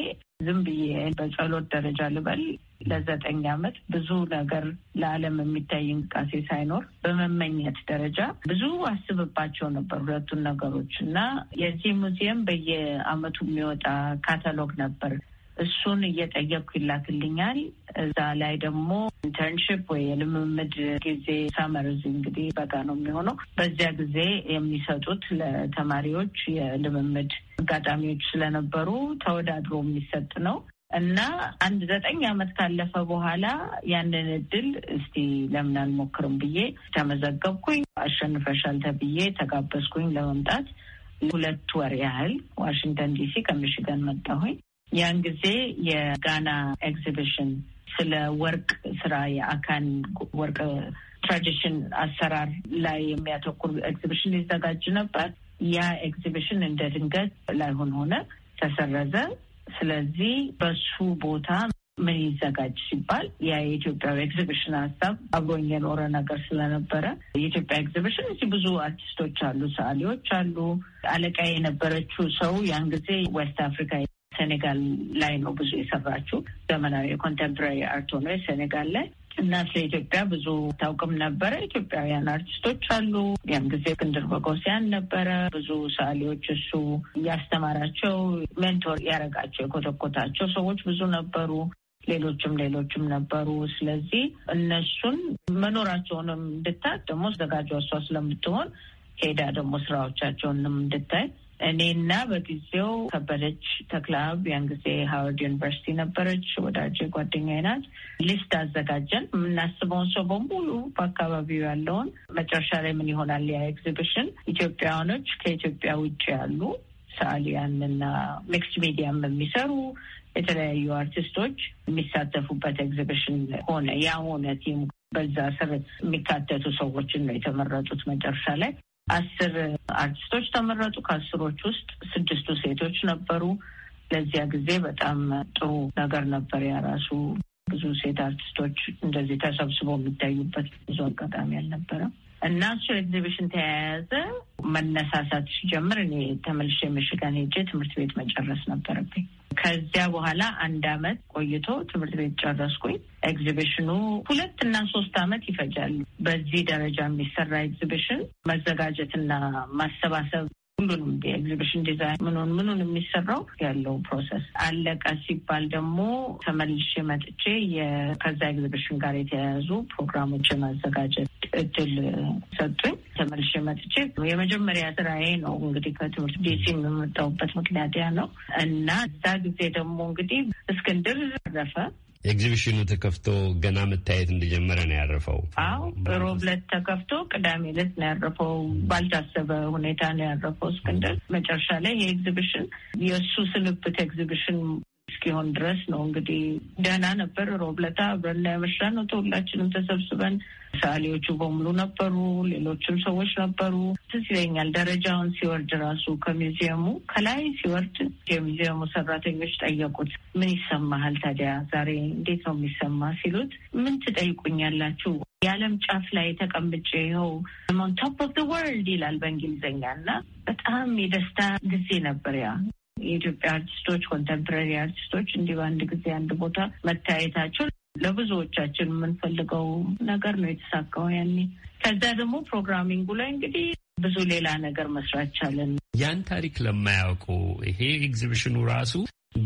ዝም ብዬ በጸሎት ደረጃ ልበል ለዘጠኝ ዓመት ብዙ ነገር ለዓለም የሚታይ እንቅስቃሴ ሳይኖር በመመኘት ደረጃ ብዙ አስብባቸው ነበር ሁለቱን ነገሮች እና የዚህ ሙዚየም በየዓመቱ የሚወጣ ካታሎግ ነበር። እሱን እየጠየቅኩ ይላክልኛል። እዛ ላይ ደግሞ ኢንተርንሽፕ ወይ የልምምድ ጊዜ ሳመርዝ እንግዲህ በጋ ነው የሚሆነው። በዚያ ጊዜ የሚሰጡት ለተማሪዎች የልምምድ አጋጣሚዎች ስለነበሩ ተወዳድሮ የሚሰጥ ነው። እና አንድ ዘጠኝ ዓመት ካለፈ በኋላ ያንን እድል እስቲ ለምን አልሞክርም ብዬ ተመዘገብኩኝ። አሸንፈሻል ተብዬ ተጋበዝኩኝ ለመምጣት ሁለት ወር ያህል ዋሽንግተን ዲሲ ከሚሽገን መጣሁኝ። ያን ጊዜ የጋና ኤግዚቢሽን ስለ ወርቅ ስራ የአካን ወርቅ ትራዲሽን አሰራር ላይ የሚያተኩር ኤግዚቢሽን ሊዘጋጅ ነበር። ያ ኤግዚቢሽን እንደ ድንገት ላይሆን ሆነ፣ ተሰረዘ። ስለዚህ በሱ ቦታ ምን ይዘጋጅ ሲባል ያ የኢትዮጵያ ኤግዚቢሽን ሀሳብ አብሮኝ የኖረ ነገር ስለነበረ የኢትዮጵያ ኤግዚቢሽን እዚህ ብዙ አርቲስቶች አሉ፣ ሰዓሊዎች አሉ። አለቃ የነበረችው ሰው ያን ጊዜ ዌስት አፍሪካ ሴኔጋል ላይ ነው ብዙ የሰራችው። ዘመናዊ ኮንቴምፖራሪ አርት ሆኖ ሴኔጋል ላይ እና ስለ ኢትዮጵያ ብዙ ታውቅም ነበረ። ኢትዮጵያውያን አርቲስቶች አሉ። ያን ጊዜ እስክንድር ቦጎሲያን ነበረ። ብዙ ሰዓሊዎች እሱ እያስተማራቸው ሜንቶር ያረጋቸው የኮተኮታቸው ሰዎች ብዙ ነበሩ። ሌሎችም ሌሎችም ነበሩ። ስለዚህ እነሱን መኖራቸውንም እንድታይ ደግሞ አዘጋጇ እሷ ስለምትሆን ሄዳ ደግሞ ስራዎቻቸውንም እንድታይ እኔና በጊዜው ከበደች ተክለአብ ያን ጊዜ ሀዋርድ ዩኒቨርሲቲ ነበረች፣ ወዳጅ ጓደኛዬ ናት። ሊስት አዘጋጀን የምናስበውን ሰው በሙሉ በአካባቢው ያለውን። መጨረሻ ላይ ምን ይሆናል ያ ኤግዚቢሽን ኢትዮጵያውያኖች ከኢትዮጵያ ውጭ ያሉ ሰዓሊያንና ሚክስድ ሚዲያም የሚሰሩ የተለያዩ አርቲስቶች የሚሳተፉበት ኤግዚቢሽን ሆነ። ያ ሆነ ቲም በዛ ስር የሚካተቱ ሰዎችን ነው የተመረጡት መጨረሻ ላይ አስር አርቲስቶች ተመረጡ። ከአስሮች ውስጥ ስድስቱ ሴቶች ነበሩ። ለዚያ ጊዜ በጣም ጥሩ ነገር ነበር። ያራሱ ብዙ ሴት አርቲስቶች እንደዚህ ተሰብስበው የሚታዩበት ብዙ አጋጣሚ አልነበረም እና እሱ ኤግዚቢሽን ተያያዘ። መነሳሳት ሲጀምር እኔ ተመልሼ ሚሽጋን ሄጄ ትምህርት ቤት መጨረስ ነበረብኝ። ከዚያ በኋላ አንድ አመት ቆይቶ ትምህርት ቤት ጨረስኩኝ። ኤግዚቢሽኑ ሁለት እና ሶስት አመት ይፈጃል። በዚህ ደረጃ የሚሰራ ኤግዚቢሽን መዘጋጀትና ማሰባሰብ ሁሉንም የኤግዚቢሽን ዲዛይን ምኑን ምኑን የሚሰራው ያለው ፕሮሰስ አለቀ ሲባል ደግሞ ተመልሼ መጥቼ ከዛ ኤግዚቢሽን ጋር የተያያዙ ፕሮግራሞች የማዘጋጀት እድል ሰጡኝ። ተመልሼ መጥቼ የመጀመሪያ ስራዬ ነው እንግዲህ ከትምህርት ዲሲ የምመጣውበት ምክንያት ያ ነው እና እዛ ጊዜ ደግሞ እንግዲህ እስክንድር አረፈ። ኤግዚቢሽኑ ተከፍቶ ገና መታየት እንደጀመረ ነው ያረፈው። አዎ ሮብ ዕለት ተከፍቶ ቅዳሜ ዕለት ነው ያረፈው። ባልታሰበ ሁኔታ ነው ያረፈው። እስክንድር መጨረሻ ላይ የኤግዚቢሽን የእሱ ስንብት ኤግዚቢሽን እስኪሆን ድረስ ነው እንግዲህ ደህና ነበር። ሮብ ዕለት አብረን ላይ መሻ ነው ሁላችንም ተሰብስበን ሳሌዎቹ በሙሉ ነበሩ፣ ሌሎችም ሰዎች ነበሩ። ትዝ ይለኛል ደረጃውን ሲወርድ ራሱ ከሚዚየሙ ከላይ ሲወርድ የሚዚየሙ ሰራተኞች ጠየቁት፣ ምን ይሰማሃል ታዲያ ዛሬ እንዴት ነው የሚሰማ ሲሉት፣ ምን ትጠይቁኛላችሁ የዓለም ጫፍ ላይ ተቀምጬ ይኸው ኦን ቶፕ ኦፍ ዘ ወርልድ ይላል በእንግሊዝኛ እና በጣም የደስታ ጊዜ ነበር ያ የኢትዮጵያ አርቲስቶች፣ ኮንተምፕራሪ አርቲስቶች እንዲህ በአንድ ጊዜ አንድ ቦታ መታየታቸው ለብዙዎቻችን የምንፈልገው ነገር ነው የተሳካው ያኔ። ከዛ ደግሞ ፕሮግራሚንጉ ላይ እንግዲህ ብዙ ሌላ ነገር መስራት ቻለን። ያን ታሪክ ለማያውቁ ይሄ ኤግዚቢሽኑ ራሱ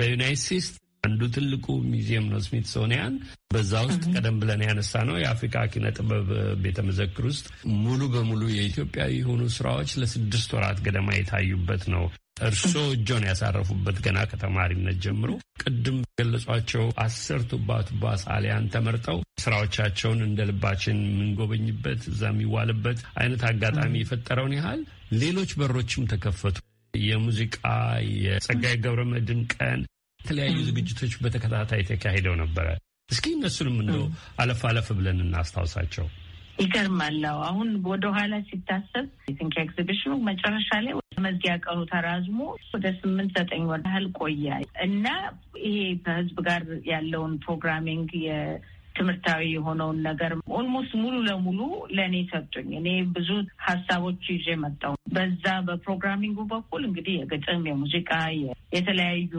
በዩናይት ስቴትስ አንዱ ትልቁ ሚዚየም ነው ስሚትሶኒያን። በዛ ውስጥ ቀደም ብለን ያነሳ ነው የአፍሪካ ኪነ ጥበብ ቤተ መዘክር ውስጥ ሙሉ በሙሉ የኢትዮጵያ የሆኑ ስራዎች ለስድስት ወራት ገደማ የታዩበት ነው። እርስዎ እጆን ያሳረፉበት ገና ከተማሪነት ጀምሮ ቅድም ገለጿቸው አስር ቱባ ቱባ ሳሊያን ተመርጠው ስራዎቻቸውን እንደ ልባችን የምንጎበኝበት እዛ የሚዋልበት አይነት አጋጣሚ የፈጠረውን ያህል ሌሎች በሮችም ተከፈቱ። የሙዚቃ የጸጋዬ መድን ቀን የተለያዩ ዝግጅቶች በተከታታይ ተካሂደው ነበረ። እስኪ እነሱንም እንደው አለፍ አለፍ ብለን እናስታውሳቸው። ይገርማለው። አሁን ወደኋላ ሲታሰብ ቲንክ ኤግዚቢሽኑ መጨረሻ ላይ መዝጊያ ቀኑ ተራዝሞ ወደ ስምንት ዘጠኝ ወር ያህል ቆየ እና ይሄ በህዝብ ጋር ያለውን ፕሮግራሚንግ ትምህርታዊ የሆነውን ነገር ኦልሞስት ሙሉ ለሙሉ ለእኔ ሰጡኝ። እኔ ብዙ ሀሳቦች ይዤ መጣሁ። በዛ በፕሮግራሚንጉ በኩል እንግዲህ የግጥም፣ የሙዚቃ፣ የተለያዩ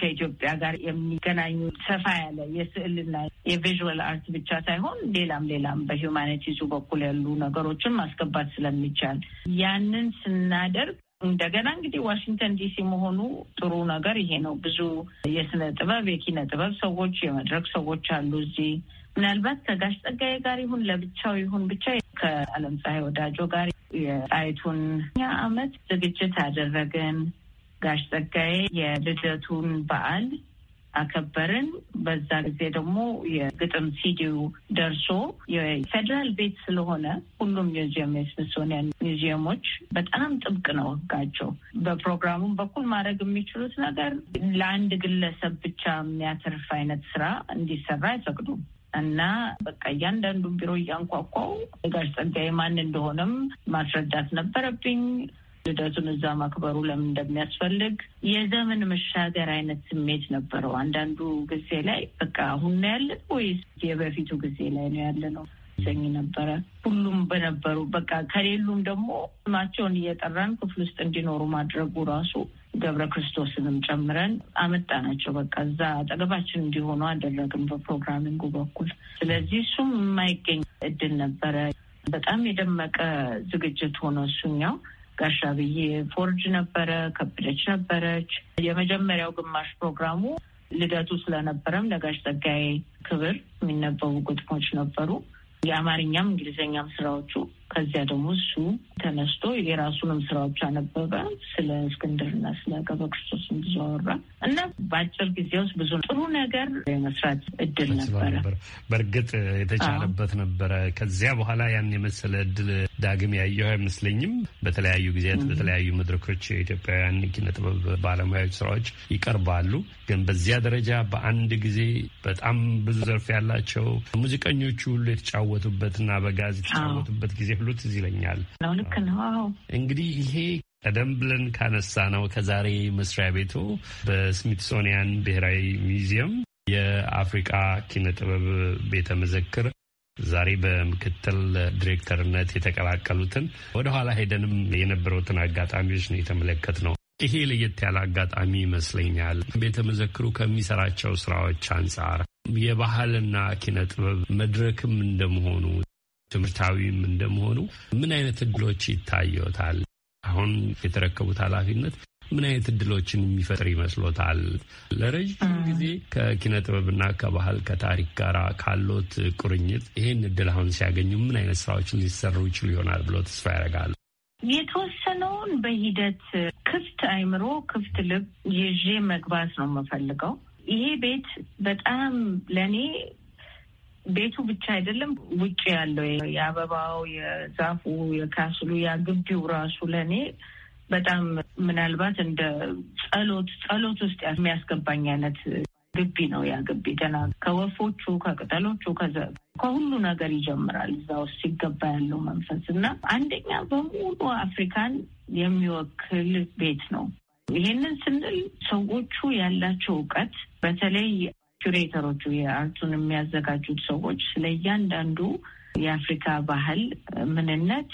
ከኢትዮጵያ ጋር የሚገናኙ ሰፋ ያለ የስዕልና የቪዥዋል አርት ብቻ ሳይሆን ሌላም ሌላም በሂውማኒቲዙ በኩል ያሉ ነገሮችን ማስገባት ስለሚቻል ያንን ስናደርግ እንደገና እንግዲህ ዋሽንግተን ዲሲ መሆኑ ጥሩ ነገር ይሄ ነው። ብዙ የስነ ጥበብ የኪነ ጥበብ ሰዎች የመድረክ ሰዎች አሉ እዚህ። ምናልባት ከጋሽ ጸጋዬ ጋር ይሁን ለብቻው ይሁን ብቻ ከአለም ፀሐይ ወዳጆ ጋር የጣይቱን አመት ዝግጅት አደረግን። ጋሽ ጸጋዬ የልደቱን በዓል አከበርን። በዛ ጊዜ ደግሞ የግጥም ሲዲው ደርሶ የፌዴራል ቤት ስለሆነ ሁሉም ሚዚየም የስሚሶኒያን ሚዚየሞች በጣም ጥብቅ ነው ህጋቸው በፕሮግራሙም በኩል ማድረግ የሚችሉት ነገር ለአንድ ግለሰብ ብቻ የሚያተርፍ አይነት ስራ እንዲሰራ አይፈቅዱም። እና በቃ እያንዳንዱን ቢሮ እያንኳኳው ጋሽ ጸጋዬ ማን እንደሆነም ማስረዳት ነበረብኝ። ልደቱን እዛ ማክበሩ ለምን እንደሚያስፈልግ የዘመን መሻገር አይነት ስሜት ነበረው። አንዳንዱ ጊዜ ላይ በቃ አሁን ነው ያለን ወይስ የበፊቱ ጊዜ ላይ ነው ያለ ነው ሰኝ ነበረ። ሁሉም በነበሩ በቃ ከሌሉም ደግሞ ስማቸውን እየጠራን ክፍል ውስጥ እንዲኖሩ ማድረጉ ራሱ ገብረ ክርስቶስንም ጨምረን አመጣናቸው። በቃ እዛ አጠገባችን እንዲሆኑ አደረግን በፕሮግራሚንጉ በኩል። ስለዚህ እሱም የማይገኝ እድል ነበረ። በጣም የደመቀ ዝግጅት ሆነ እሱኛው ጋሻ ብዬ ፎርጅ ነበረ፣ ከበደች ነበረች። የመጀመሪያው ግማሽ ፕሮግራሙ ልደቱ ስለነበረም ለጋሽ ጸጋዬ ክብር የሚነበቡ ግጥሞች ነበሩ። የአማርኛም እንግሊዝኛም ስራዎቹ ከዚያ ደግሞ እሱ ተነስቶ የራሱንም ስራዎች አነበበ። ስለ እስክንድርና ስለ ገብረ ክርስቶስን ብዙ አወራ እና በአጭር ጊዜ ውስጥ ብዙ ጥሩ ነገር የመስራት እድል ነበረ። በእርግጥ የተቻለበት ነበረ። ከዚያ በኋላ ያን የመሰለ እድል ዳግም ያየው አይመስለኝም። በተለያዩ ጊዜያት በተለያዩ መድረኮች የኢትዮጵያውያን ኪነ ጥበብ ባለሙያዎች ስራዎች ይቀርባሉ። ግን በዚያ ደረጃ በአንድ ጊዜ በጣም ብዙ ዘርፍ ያላቸው ሙዚቀኞቹ ሁሉ የተጫወቱበትና በጋዝ የተጫወቱበት ጊዜ የሚሉት እዚህ ይለኛል። ልክ ነው። እንግዲህ ይሄ ቀደም ብለን ካነሳ ነው ከዛሬ መስሪያ ቤቱ በስሚትሶኒያን ብሔራዊ ሚዚየም የአፍሪቃ ኪነ ጥበብ ቤተ መዘክር ዛሬ በምክትል ዲሬክተርነት የተቀላቀሉትን ወደኋላ ሄደንም የነበሩትን አጋጣሚዎች ነው የተመለከት ነው። ይሄ ለየት ያለ አጋጣሚ ይመስለኛል። ቤተ መዘክሩ ከሚሰራቸው ስራዎች አንጻር የባህልና ኪነ ጥበብ መድረክም እንደመሆኑ ትምህርታዊም እንደመሆኑ ምን አይነት እድሎች ይታየዎታል? አሁን የተረከቡት ኃላፊነት ምን አይነት እድሎችን የሚፈጥር ይመስሎታል? ለረዥም ጊዜ ከኪነ ጥበብና ከባህል ከታሪክ ጋር ካሎት ቁርኝት ይህን እድል አሁን ሲያገኙ ምን አይነት ስራዎችን ሊሰሩ ይችሉ ይሆናል ብሎ ተስፋ ያደርጋሉ? የተወሰነውን በሂደት ክፍት አይምሮ፣ ክፍት ልብ ይዤ መግባት ነው የምፈልገው። ይሄ ቤት በጣም ለእኔ ቤቱ ብቻ አይደለም፣ ውጭ ያለው የአበባው፣ የዛፉ፣ የካስሉ፣ ያ ራሱ ለእኔ በጣም ምናልባት እንደ ጸሎት ጸሎት ውስጥ የሚያስገባኝ አይነት ግቢ ነው። ያ ግቢ ገና ከወፎቹ፣ ከቅጠሎቹ፣ ከሁሉ ነገር ይጀምራል። እዛ ውስጥ ሲገባ ያለው መንፈስ እና አንደኛ በሙሉ አፍሪካን የሚወክል ቤት ነው። ይሄንን ስንል ሰዎቹ ያላቸው እውቀት በተለይ ኪሬተሮቹ የአርቱን የሚያዘጋጁት ሰዎች ስለ እያንዳንዱ የአፍሪካ ባህል ምንነት፣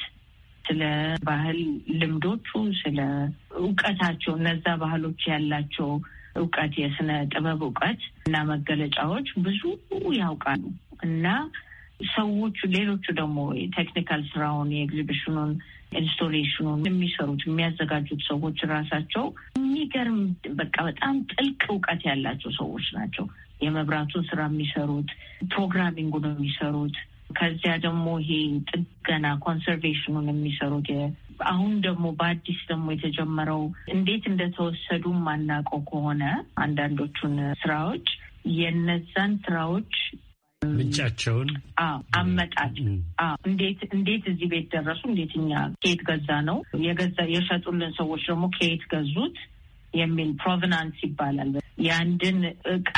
ስለ ባህል ልምዶቹ፣ ስለ እውቀታቸው እነዛ ባህሎች ያላቸው እውቀት የስነ ጥበብ እውቀት እና መገለጫዎች ብዙ ያውቃሉ እና ሰዎቹ ሌሎቹ ደግሞ የቴክኒካል ስራውን የኤግዚቢሽኑን ኢንስቶሌሽኑን የሚሰሩት የሚያዘጋጁት ሰዎች ራሳቸው የሚገርም በቃ በጣም ጥልቅ እውቀት ያላቸው ሰዎች ናቸው። የመብራቱን ስራ የሚሰሩት፣ ፕሮግራሚንጉ ነው የሚሰሩት። ከዚያ ደግሞ ይሄ ጥገና ኮንሰርቬሽኑን የሚሰሩት አሁን ደግሞ በአዲስ ደግሞ የተጀመረው እንዴት እንደተወሰዱ ማናውቀው ከሆነ አንዳንዶቹን ስራዎች የነዛን ስራዎች ምንጫቸውን አመጣት እንዴት እንዴት እዚህ ቤት ደረሱ? እንዴት እኛ ከየት ገዛ ነው የገዛ የሸጡልን ሰዎች ደግሞ ከየት ገዙት የሚል ፕሮቨናንስ ይባላል። የአንድን እቃ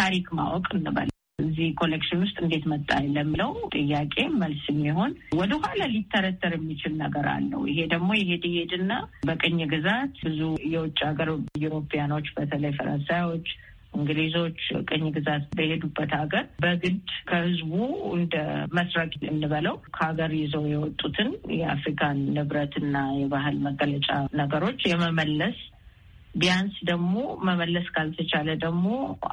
ታሪክ ማወቅ እንበል እዚህ ኮሌክሽን ውስጥ እንዴት መጣ ለምለው ጥያቄ መልስ የሚሆን ወደኋላ ሊተረተር የሚችል ነገር አለው። ይሄ ደግሞ ይሄድ ይሄድና በቅኝ ግዛት ብዙ የውጭ ሀገር ዩሮፒያኖች በተለይ ፈረንሳዮች እንግሊዞች ቅኝ ግዛት በሄዱበት ሀገር በግድ ከህዝቡ እንደ መስረቅ እንበለው ከሀገር ይዘው የወጡትን የአፍሪካን ንብረትና የባህል መገለጫ ነገሮች የመመለስ ቢያንስ ደግሞ መመለስ ካልተቻለ ደግሞ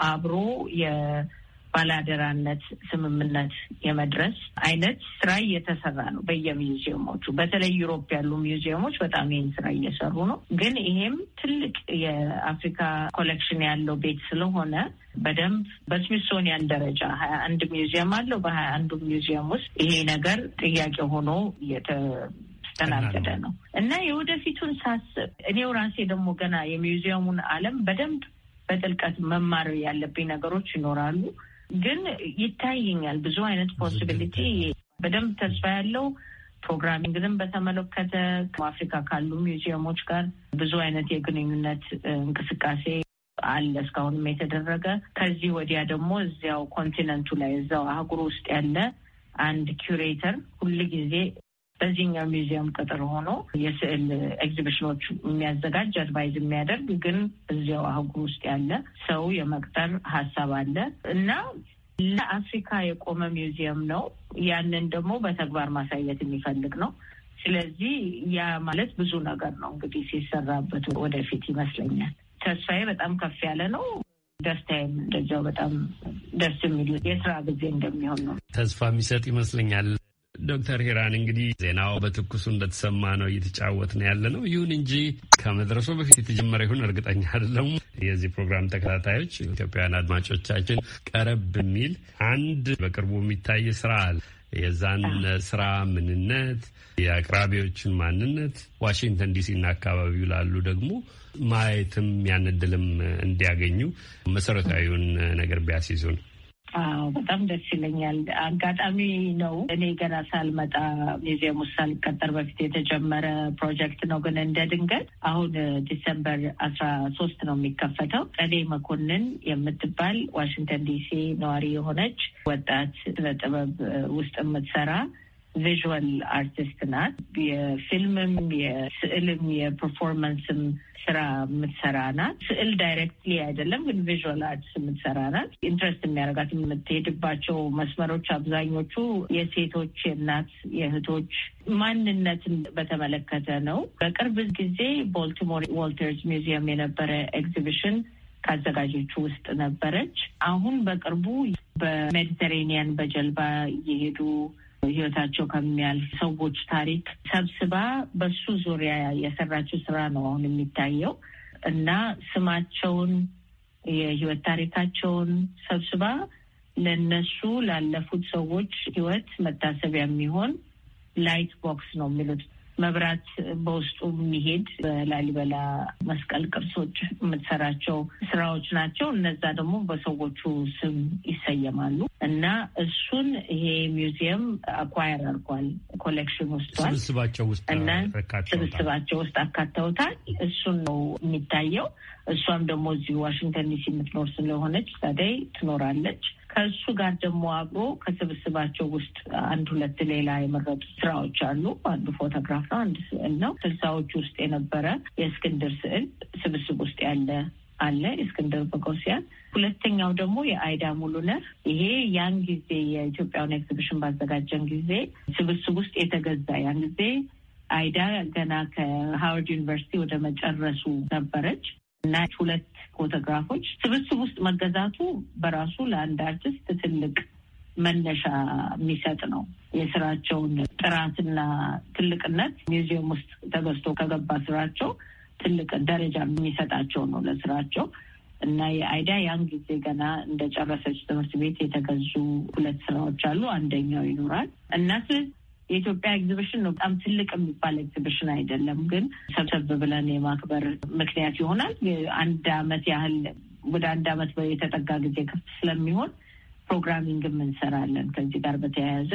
አብሮ የባላደራነት ስምምነት የመድረስ አይነት ስራ እየተሰራ ነው በየሚውዚየሞቹ። በተለይ ዩሮፕ ያሉ ሚውዚየሞች በጣም ይህን ስራ እየሰሩ ነው። ግን ይሄም ትልቅ የአፍሪካ ኮሌክሽን ያለው ቤት ስለሆነ በደንብ በስሚሶኒያን ደረጃ ሀያ አንድ ሚውዚየም አለው። በሀያ አንዱ ሚውዚየም ውስጥ ይሄ ነገር ጥያቄ ሆኖ ያስተናገደ ነው እና የወደፊቱን ሳስብ እኔው ራሴ ደግሞ ገና የሚውዚየሙን ዓለም በደንብ በጥልቀት መማር ያለብኝ ነገሮች ይኖራሉ። ግን ይታየኛል ብዙ አይነት ፖስቢሊቲ በደንብ ተስፋ ያለው ፕሮግራሚንግንም በተመለከተ አፍሪካ ካሉ ሚውዚየሞች ጋር ብዙ አይነት የግንኙነት እንቅስቃሴ አለ እስካሁንም የተደረገ። ከዚህ ወዲያ ደግሞ እዚያው ኮንቲነንቱ ላይ እዛው አህጉር ውስጥ ያለ አንድ ኩሬተር ጊዜ በዚህኛው ሚውዚየም ቅጥር ሆኖ የስዕል ኤግዚቢሽኖች የሚያዘጋጅ አድቫይዝ የሚያደርግ ግን እዚያው አህጉር ውስጥ ያለ ሰው የመቅጠር ሀሳብ አለ እና ለአፍሪካ የቆመ ሚውዚየም ነው። ያንን ደግሞ በተግባር ማሳየት የሚፈልግ ነው። ስለዚህ ያ ማለት ብዙ ነገር ነው እንግዲህ ሲሰራበት ወደፊት ይመስለኛል። ተስፋዬ በጣም ከፍ ያለ ነው። ደስታዬም እንደዚያው በጣም ደስ የሚል የስራ ጊዜ እንደሚሆን ነው ተስፋ የሚሰጥ ይመስለኛል። ዶክተር ሂራን እንግዲህ ዜናው በትኩሱ እንደተሰማ ነው እየተጫወት ነው ያለ ነው። ይሁን እንጂ ከመድረሱ በፊት የተጀመረ ይሁን እርግጠኛ አይደለም። የዚህ ፕሮግራም ተከታታዮች ኢትዮጵያውያን አድማጮቻችን ቀረብ የሚል አንድ በቅርቡ የሚታይ ስራ አለ። የዛን ስራ ምንነት፣ የአቅራቢዎችን ማንነት ዋሽንግተን ዲሲ እና አካባቢው ላሉ ደግሞ ማየትም ያንድልም እንዲያገኙ መሰረታዊውን ነገር ቢያስይዙ ነው። አዎ በጣም ደስ ይለኛል። አጋጣሚ ነው። እኔ ገና ሳልመጣ ሙዚየም ሳልቀጠር በፊት የተጀመረ ፕሮጀክት ነው፣ ግን እንደ ድንገት አሁን ዲሰምበር አስራ ሶስት ነው የሚከፈተው። ጸዴ መኮንን የምትባል ዋሽንግተን ዲሲ ነዋሪ የሆነች ወጣት ስነ ጥበብ ውስጥ የምትሰራ ቪዥዋል አርቲስት ናት። የፊልምም የስዕልም የፐርፎርማንስም ስራ የምትሰራ ናት። ስዕል ዳይሬክትሊ አይደለም ግን ቪዥዋል አርትስ የምትሰራ ናት። ኢንትረስት የሚያደርጋት የምትሄድባቸው መስመሮች አብዛኞቹ የሴቶች የእናት የእህቶች ማንነትን በተመለከተ ነው። በቅርብ ጊዜ ቦልቲሞር ዋልተርስ ሚውዚየም የነበረ ኤግዚቢሽን ከአዘጋጆቹ ውስጥ ነበረች። አሁን በቅርቡ በሜዲተሬኒያን በጀልባ እየሄዱ ህይወታቸው ከሚያልፍ ሰዎች ታሪክ ሰብስባ በሱ ዙሪያ የሰራችው ስራ ነው አሁን የሚታየው እና ስማቸውን የህይወት ታሪካቸውን ሰብስባ ለነሱ ላለፉት ሰዎች ህይወት መታሰቢያ የሚሆን ላይት ቦክስ ነው የሚሉት መብራት በውስጡ የሚሄድ በላሊበላ መስቀል ቅርሶች የምትሰራቸው ስራዎች ናቸው። እነዛ ደግሞ በሰዎቹ ስም ይሰየማሉ እና እሱን ይሄ ሚውዚየም አኳየር አድርጓል። ኮሌክሽን ወስዷል። ስብስባቸው ውስጥ እና ስብስባቸው ውስጥ አካተውታል። እሱን ነው የሚታየው። እሷም ደግሞ እዚህ ዋሽንግተን ዲሲ የምትኖር ስለሆነች ታዲያ ትኖራለች። ከእሱ ጋር ደግሞ አብሮ ከስብስባቸው ውስጥ አንድ ሁለት ሌላ የመረጡ ስራዎች አሉ። አንዱ ፎቶግራፍ ነው፣ አንድ ስዕል ነው። ስልሳዎች ውስጥ የነበረ የእስክንድር ስዕል ስብስብ ውስጥ ያለ አለ የእስክንድር በጎሲያን። ሁለተኛው ደግሞ የአይዳ ሙሉነህ ይሄ ያን ጊዜ የኢትዮጵያን ኤግዚቢሽን ባዘጋጀን ጊዜ ስብስብ ውስጥ የተገዛ ያን ጊዜ አይዳ ገና ከሃዋርድ ዩኒቨርሲቲ ወደ መጨረሱ ነበረች እና ሁለት ፎቶግራፎች ስብስብ ውስጥ መገዛቱ በራሱ ለአንድ አርቲስት ትልቅ መነሻ የሚሰጥ ነው። የስራቸውን ጥራትና ትልቅነት ሚውዚየም ውስጥ ተገዝቶ ከገባ ስራቸው ትልቅ ደረጃ የሚሰጣቸው ነው ለስራቸው እና የአይዳ ያን ጊዜ ገና እንደጨረሰች ትምህርት ቤት የተገዙ ሁለት ስራዎች አሉ። አንደኛው ይኖራል እና የኢትዮጵያ ኤግዚቢሽን ነው። በጣም ትልቅ የሚባል ኤግዚቢሽን አይደለም፣ ግን ሰብሰብ ብለን የማክበር ምክንያት ይሆናል። አንድ አመት ያህል ወደ አንድ አመት የተጠጋ ጊዜ ክፍት ስለሚሆን ፕሮግራሚንግም እንሰራለን ከዚህ ጋር በተያያዘ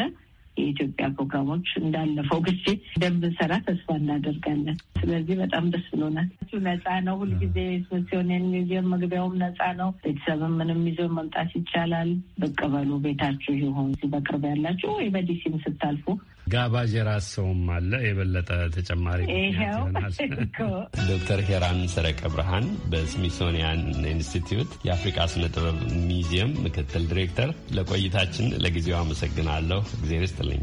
የኢትዮጵያ ፕሮግራሞች እንዳለፈው ጊዜ እንደምንሰራ ተስፋ እናደርጋለን። ስለዚህ በጣም ደስ ብሎናል። ነጻ ነው ሁልጊዜ ስሚሲዮኔን ሚዚየም መግቢያውም ነጻ ነው። ቤተሰብም ምንም ይዞ መምጣት ይቻላል። ብቅ በሉ ቤታችሁ ይሆን በቅርብ ያላችሁ ወይ በዲሲም ስታልፉ ጋባዥ የራስ ሰውም አለ። የበለጠ ተጨማሪ ዶክተር ሄራን ሰረቀ ብርሃን በስሚሶኒያን ኢንስቲትዩት የአፍሪቃ ስነ ጥበብ ሚዚየም ምክትል ዲሬክተር፣ ለቆይታችን ለጊዜው አመሰግናለሁ። እግዜር ይስጥልኝ።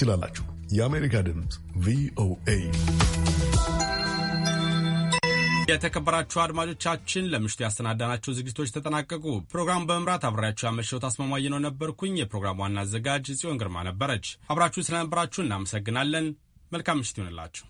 ትችላላችሁ። የአሜሪካ ድምፅ ቪኦኤ። የተከበራችሁ አድማጮቻችን ለምሽቱ ያሰናዳናቸው ዝግጅቶች ተጠናቀቁ። ፕሮግራሙ በመምራት አብሬያችሁ ያመሸሁት አስማማየ ነው ነበርኩኝ። የፕሮግራም ዋና አዘጋጅ ጽዮን ግርማ ነበረች። አብራችሁ ስለነበራችሁ እናመሰግናለን። መልካም ምሽት ይሆንላችሁ።